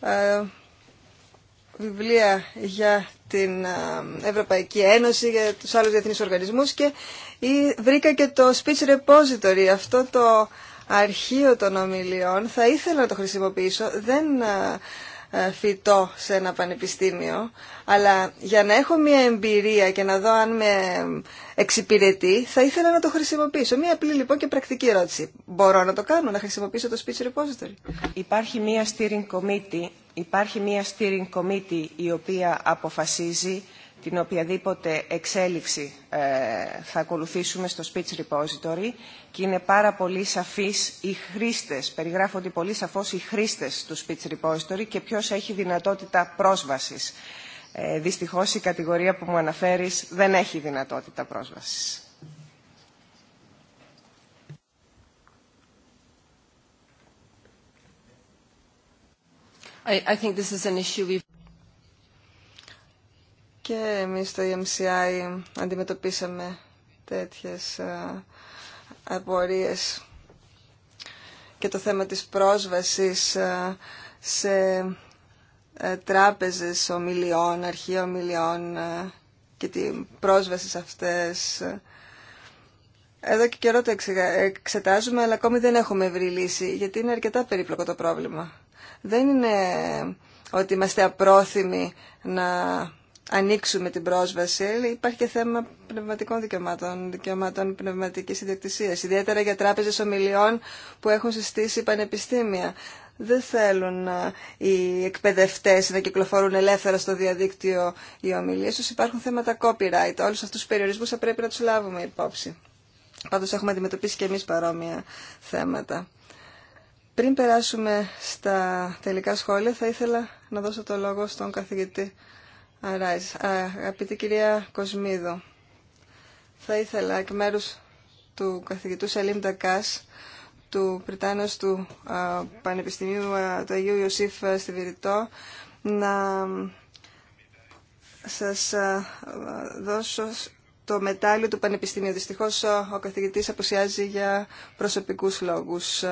ε, βιβλία για την ε, Ευρωπαϊκή Ένωση, για τους άλλους διεθνείς οργανισμούς και ή βρήκα και το speech repository, αυτό το αρχείο των ομιλιών. Θα ήθελα να το χρησιμοποιήσω, δεν ε, ε, φοιτώ σε ένα πανεπιστήμιο, αλλά για να έχω μια εμπειρία και να δω αν με εξυπηρετεί, θα ήθελα να το χρησιμοποιήσω. Μια απλή λοιπόν και πρακτική ερώτηση. Μπορώ να το κάνω, να χρησιμοποιήσω το speech repository. Υπάρχει μια steering committee, υπάρχει μια steering committee η οποία αποφασίζει την οποιαδήποτε εξέλιξη ε, θα ακολουθήσουμε στο Speech Repository και είναι πάρα πολύ σαφείς οι χρήστες, περιγράφονται πολύ σαφώς οι χρήστες του Speech Repository και ποιος έχει δυνατότητα πρόσβασης. Ε, δυστυχώς η κατηγορία που μου αναφέρεις δεν έχει δυνατότητα πρόσβασης. I think this is an issue και εμείς στο EMCI αντιμετωπίσαμε τέτοιες απορίες και το θέμα της πρόσβασης σε ε, τράπεζες ομιλιών, αρχεία ομιλιών και την πρόσβαση σε αυτές. Εδώ και καιρό το εξετάζουμε, αλλά ακόμη δεν έχουμε βρει λύση, γιατί είναι αρκετά περίπλοκο το πρόβλημα. Δεν είναι ότι είμαστε απρόθυμοι να ανοίξουμε την πρόσβαση, υπάρχει και θέμα πνευματικών δικαιωμάτων, δικαιωμάτων πνευματικής ιδιοκτησίας, ιδιαίτερα για τράπεζες ομιλιών που έχουν συστήσει πανεπιστήμια. Δεν θέλουν ε, οι εκπαιδευτές να κυκλοφορούν ελεύθερα στο διαδίκτυο οι ομιλίες τους. Υπάρχουν θέματα copyright. Όλους αυτούς τους περιορισμούς θα πρέπει να τους λάβουμε υπόψη. Πάντως έχουμε αντιμετωπίσει και εμείς παρόμοια θέματα. Πριν περάσουμε στα τελικά σχόλια, θα ήθελα να δώσω το λόγο στον καθηγητή Αράις. Αγαπητή κυρία Κοσμίδο θα ήθελα εκ μέρου του καθηγητού Σαλήμ Ντακάς, του Πριτάνος του Πανεπιστημίου του Αγίου Ιωσήφ στη Βηρητό, να σας δώσω το μετάλλιο του Πανεπιστημίου. Δυστυχώς ο καθηγητής αποσιάζει για προσωπικούς λόγους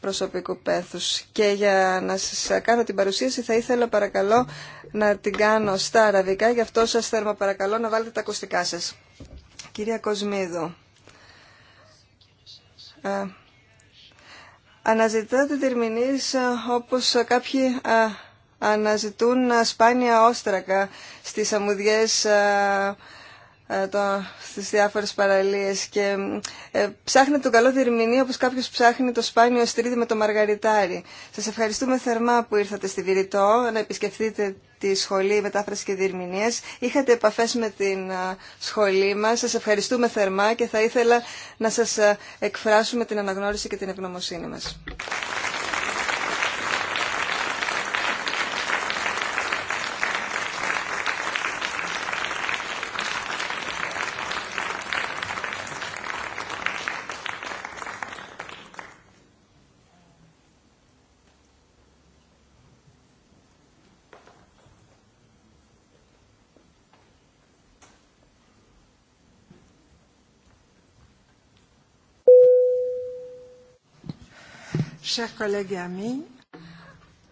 προσωπικού πέθους. Και για να σας κάνω την παρουσίαση θα ήθελα παρακαλώ να την κάνω στα αραβικά, γι' αυτό σας θέλω παρακαλώ να βάλετε τα ακουστικά σας. Κυρία Κοσμίδου, ε, αναζητάτε τερμινείς ε, όπως κάποιοι ε, αναζητούν σπάνια όστρακα στις αμμουδιές Στι ε, στις διάφορες παραλίες και ε, ψάχνετε τον καλό διερμηνή όπως κάποιος ψάχνει το σπάνιο αστρίδι με το μαργαριτάρι. Σας ευχαριστούμε θερμά που ήρθατε στη Βηρητό να επισκεφτείτε τη σχολή μετάφραση και διερμηνίας. Είχατε επαφές με την ε, σχολή μας. Σας ευχαριστούμε θερμά και θα ήθελα να σας ε, εκφράσουμε την αναγνώριση και την ευγνωμοσύνη μας.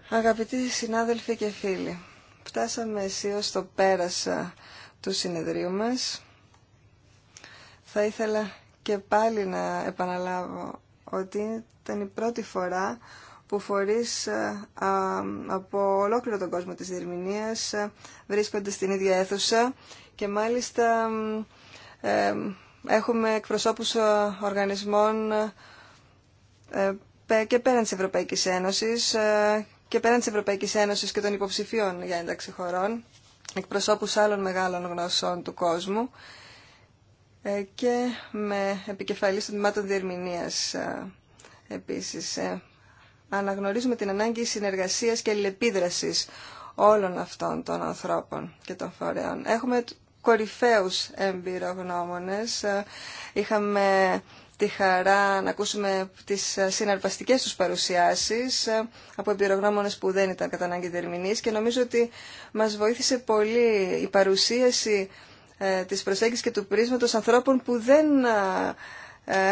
Αγαπητοί συνάδελφοι και φίλοι, φτάσαμε αισίως στο πέρασα ε, του συνεδρίου μας. Θα ήθελα και πάλι να επαναλάβω ότι ήταν η πρώτη φορά που φορείς ε, από ολόκληρο τον κόσμο της Διερμηνίας ε, βρίσκονται στην ίδια αίθουσα και μάλιστα έχουμε εκπροσώπους οργανισμών και πέραν της Ευρωπαϊκής Ένωσης ε, και πέραν της Ευρωπαϊκής Ένωσης και των υποψηφίων για ένταξη χωρών, εκπροσώπους άλλων μεγάλων γνώσεων του κόσμου ε, και με επικεφαλής των τμήματων διερμηνίας ε, επίσης. Αναγνωρίζουμε την ανάγκη συνεργασίας και αλληλεπίδρασης όλων αυτών των ανθρώπων και των φορέων. Έχουμε κορυφαίους εμπειρογνώμονες. Είχαμε τη χαρά να ακούσουμε τις συναρπαστικές τους παρουσιάσεις ε, από εμπειρογνώμονες που δεν ήταν κατά ανάγκη και νομίζω ότι μας βοήθησε πολύ η παρουσίαση ε, της προσέγγισης και του πρίσματος ανθρώπων που δεν ε,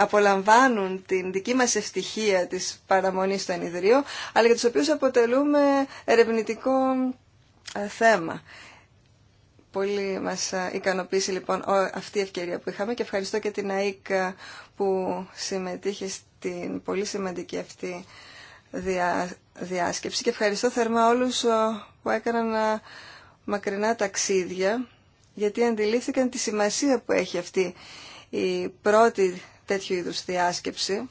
απολαμβάνουν την δική μας ευτυχία της παραμονής στο ενιδρίο, αλλά για τους οποίους αποτελούμε ερευνητικό θέμα. Πολύ μας ικανοποίησε λοιπόν αυτή η ευκαιρία που είχαμε και ευχαριστώ και την ΑΕΚ που συμμετείχε στην πολύ σημαντική αυτή διά, διάσκεψη και ευχαριστώ θερμά όλους που έκαναν μακρινά ταξίδια γιατί αντιλήφθηκαν τη σημασία που έχει αυτή η πρώτη τέτοιου είδους διάσκεψη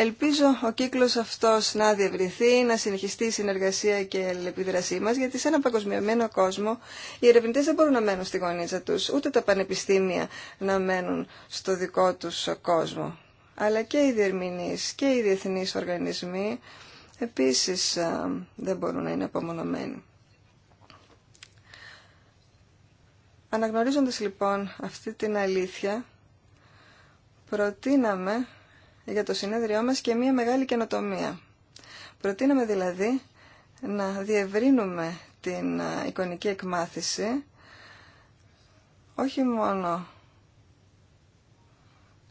Ελπίζω ο κύκλος αυτός να διευρυνθεί, να συνεχιστεί η συνεργασία και η αλληλεπίδρασή μα, γιατί σε ένα παγκοσμιωμένο κόσμο οι ερευνητέ δεν μπορούν να μένουν στη γωνίτσα τους, ούτε τα πανεπιστήμια να μένουν στο δικό τους κόσμο. Αλλά και οι διερμηνείς και οι διεθνεί οργανισμοί επίσης δεν μπορούν να είναι απομονωμένοι. Αναγνωρίζοντας λοιπόν αυτή την αλήθεια, προτείναμε για το συνέδριό μας και μια μεγάλη καινοτομία. Προτείναμε δηλαδή να διευρύνουμε την εικονική εκμάθηση όχι μόνο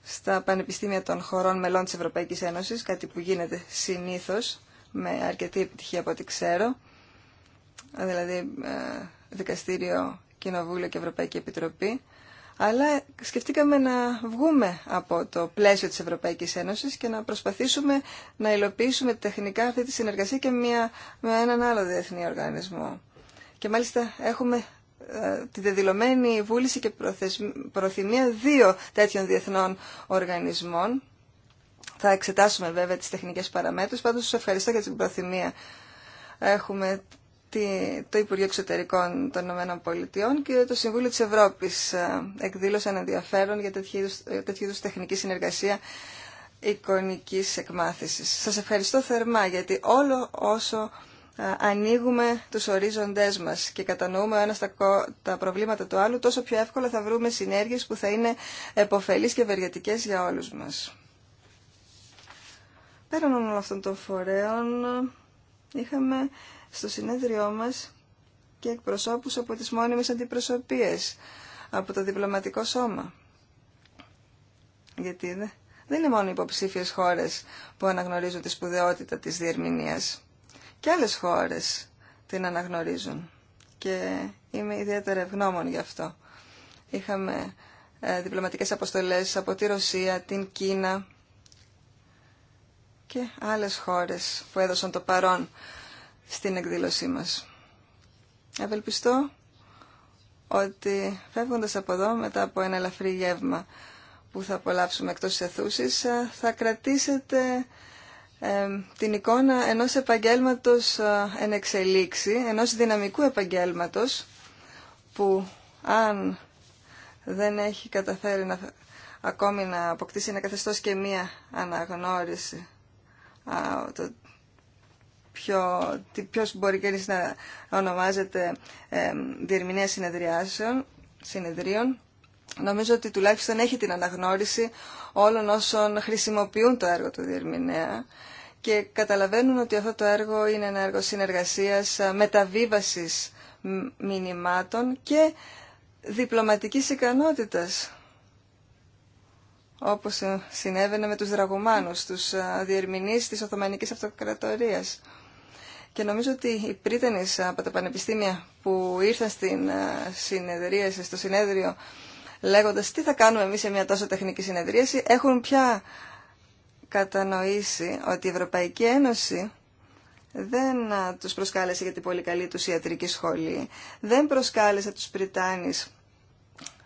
στα πανεπιστήμια των χωρών μελών της Ευρωπαϊκής Ένωσης, κάτι που γίνεται συνήθως με αρκετή επιτυχία από ό,τι ξέρω, δηλαδή ε, δικαστήριο, κοινοβούλιο και Ευρωπαϊκή Επιτροπή, αλλά σκεφτήκαμε να βγούμε από το πλαίσιο της Ευρωπαϊκής Ένωσης και να προσπαθήσουμε να υλοποιήσουμε τεχνικά αυτή τη συνεργασία και με έναν άλλο διεθνή οργανισμό. Και μάλιστα έχουμε ε, τη δεδηλωμένη βούληση και προθυμία δύο τέτοιων διεθνών οργανισμών. Θα εξετάσουμε βέβαια τις τεχνικές παραμέτρους, πάντως σας ευχαριστώ για την προθυμία. Έχουμε το Υπουργείο Εξωτερικών των Ηνωμένων Πολιτειών και το Συμβούλιο της Ευρώπης ε, εκδήλωσαν ενδιαφέρον για ε, τέτοιου είδους τεχνική συνεργασία εικονικής εκμάθησης. Σας ευχαριστώ θερμά γιατί όλο όσο ε, ανοίγουμε τους ορίζοντές μας και κατανοούμε ένα τα, τα προβλήματα του άλλου, τόσο πιο εύκολα θα βρούμε συνέργειες που θα είναι επωφελείς και ευεργετικές για όλους μας. Πέραν όλων αυτών των φορέων, είχαμε στο συνέδριό μας και εκπροσώπους από τις μόνιμες αντιπροσωπείες, από το διπλωματικό σώμα. Γιατί δεν είναι μόνο οι υποψήφιες χώρες που αναγνωρίζουν τη σπουδαιότητα της διερμηνίας. Και άλλες χώρες την αναγνωρίζουν και είμαι ιδιαίτερα ευγνώμων γι' αυτό. Είχαμε ε, διπλωματικές αποστολές από τη Ρωσία, την Κίνα και άλλες χώρες που έδωσαν το παρόν στην εκδήλωσή μας. Ευελπιστώ ότι φεύγοντας από εδώ μετά από ένα ελαφρύ γεύμα που θα απολαύσουμε εκτός της αιθούσης ε, θα κρατήσετε ε, την εικόνα ενός επαγγέλματος ε, εν εξελίξη, ενός δυναμικού επαγγέλματος που αν δεν έχει καταφέρει να, ακόμη να αποκτήσει ένα καθεστώς και μία αναγνώριση α, ποιο, ποιος μπορεί κανείς να ονομάζεται ε, διερμηνέα συνεδριάσεων, συνεδρίων. Νομίζω ότι τουλάχιστον έχει την αναγνώριση όλων όσων χρησιμοποιούν το έργο του διερμηνέα και καταλαβαίνουν ότι αυτό το έργο είναι ένα έργο συνεργασίας, μεταβίβασης μηνυμάτων και διπλωματικής ικανότητας όπως συνέβαινε με τους δραγουμάνους, τους διερμηνείς της Οθωμανικής Αυτοκρατορίας. Και νομίζω ότι οι πρίτενες από τα πανεπιστήμια που ήρθαν στην ε, στο συνέδριο λέγοντας τι θα κάνουμε εμείς σε μια τόσο τεχνική συνεδρίαση, έχουν πια κατανοήσει ότι η Ευρωπαϊκή Ένωση δεν ε, τους προσκάλεσε για την πολύ καλή τους ιατρική σχολή, δεν προσκάλεσε τους Πριτάνης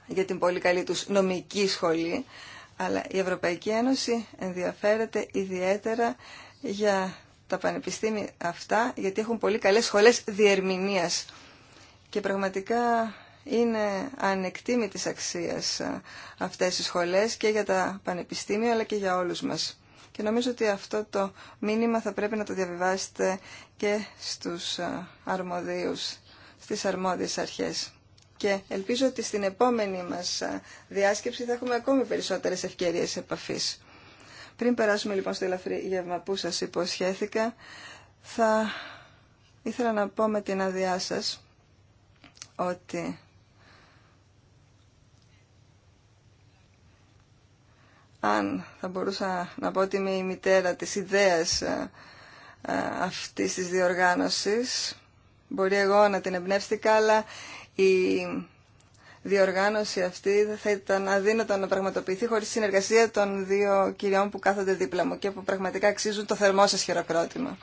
για την πολύ καλή τους νομική σχολή, αλλά η Ευρωπαϊκή Ένωση ενδιαφέρεται ιδιαίτερα για τα πανεπιστήμια αυτά γιατί έχουν πολύ καλές σχολές διερμηνίας και πραγματικά είναι της αξίας ε, αυτές οι σχολές και για τα πανεπιστήμια αλλά και για όλους μας. Και νομίζω ότι αυτό το μήνυμα θα πρέπει να το διαβιβάσετε και στους ε, αρμοδίους, στις αρμόδιες αρχές. Και ελπίζω ότι στην επόμενη μας ε, διάσκεψη θα έχουμε ακόμη περισσότερες ευκαιρίες επαφής. Πριν περάσουμε λοιπόν στο ελαφρύ γεύμα που σας υποσχέθηκα, θα ήθελα να πω με την αδειά σας ότι αν θα μπορούσα να πω ότι είμαι η μητέρα της ιδέας ε, ε, αυτής της διοργάνωσης, μπορεί εγώ να την εμπνεύστηκα, αλλά η διοργάνωση αυτή θα ήταν αδύνατο να πραγματοποιηθεί χωρίς συνεργασία των δύο κυριών που κάθονται δίπλα μου και που πραγματικά αξίζουν το θερμό σας χειροκρότημα.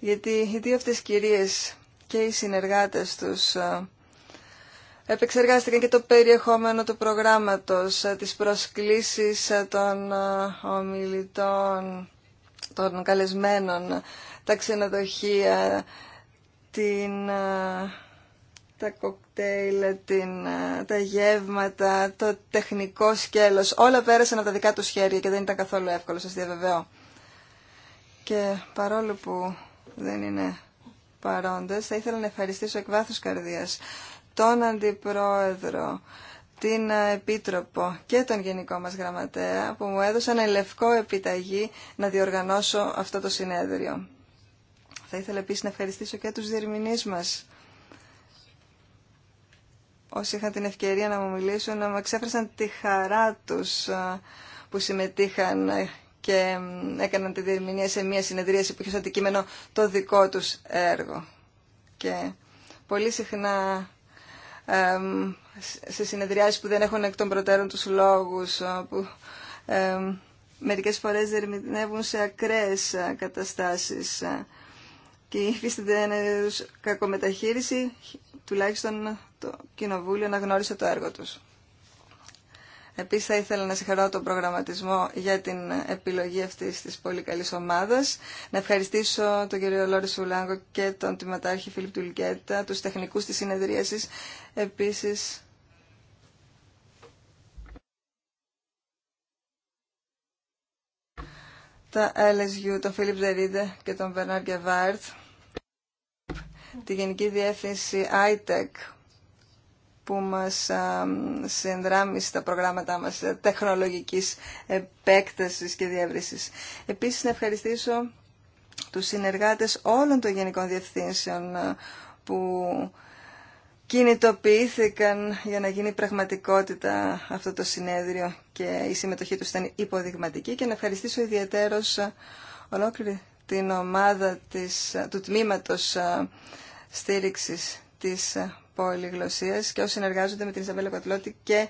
Γιατί οι δύο αυτές κυρίες και οι συνεργάτες τους ε, επεξεργάστηκαν και το περιεχόμενο του προγράμματος, ε, τις προσκλήσεις ε, των ε, ομιλητών, των καλεσμένων, τα ξενοδοχεία, την, τα κοκτέιλ, την, τα γεύματα, το τεχνικό σκέλος. Όλα πέρασαν από τα δικά τους χέρια και δεν ήταν καθόλου εύκολο, σας διαβεβαιώ. Και παρόλο που δεν είναι παρόντες, θα ήθελα να ευχαριστήσω εκ βάθους καρδίας τον Αντιπρόεδρο, την Επίτροπο και τον Γενικό μας Γραμματέα που μου έδωσαν λευκό επιταγή να διοργανώσω αυτό το συνέδριο. Θα ήθελα επίσης να ευχαριστήσω και τους διερμηνείς μας. Όσοι είχαν την ευκαιρία να μου μιλήσουν, να μου εξέφρασαν τη χαρά τους ε, που συμμετείχαν ε, και έκαναν τη διερμηνία σε μια συνεδρίαση που είχε σαν αντικείμενο το δικό τους έργο. Και πολύ συχνά σε συνεδριάσεις που δεν έχουν εκ των προτέρων τους λόγους, που μερικές φορές δερμηνεύουν σε ακραίες ε, καταστάσεις ε, και υφίστηται ένα κακομεταχείριση, τουλάχιστον το Κοινοβούλιο να γνώρισε το έργο τους. Επίσης θα ήθελα να συγχαρώ τον προγραμματισμό για την επιλογή αυτή τη πολύ καλή ομάδα. Να ευχαριστήσω τον κύριο Λόρι Σουλάγκο και τον τιματάρχη Φίλιπ Τουλκέτα, τους τεχνικούς τη συνεδρίασης. Επίσης τα LSU, τον Φίλιπ Δερίδε και τον Βερνάρ Γκεβάρτ, τη Γενική Διεύθυνση ITEC που μας συνδράμει στα προγράμματά μας ε, τεχνολογικής επέκτασης και διεύρυνσης. Επίσης να ευχαριστήσω τους συνεργάτες όλων των Γενικών Διευθύνσεων που κινητοποιήθηκαν για να γίνει πραγματικότητα αυτό το συνέδριο και η συμμετοχή τους ήταν υποδειγματική και να ευχαριστήσω ιδιαίτερος ολόκληρη την ομάδα της, του τμήματος στήριξης της και όσοι συνεργάζονται με την Ισαβέλα Πατλώτη και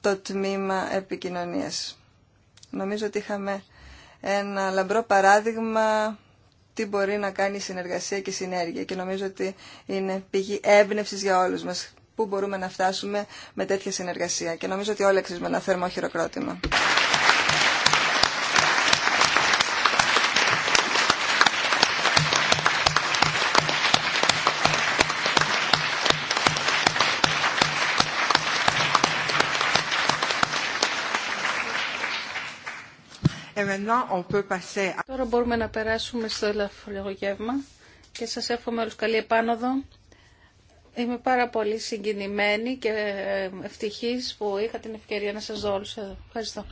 το τμήμα επικοινωνίας. Νομίζω ότι είχαμε ένα λαμπρό παράδειγμα τι μπορεί να κάνει η συνεργασία και η συνέργεια και νομίζω ότι είναι πηγή έμπνευση για όλους μας. Πού μπορούμε να φτάσουμε με τέτοια συνεργασία και νομίζω ότι όλοι αξίζουμε ένα θερμό χειροκρότημα. Τώρα μπορούμε να περάσουμε στο ελαφριό γεύμα και σας εύχομαι όλους καλή επάνωδο. Είμαι πάρα πολύ συγκινημένη και ευτυχής που είχα την ευκαιρία να σας δω όλους εδώ. Ευχαριστώ.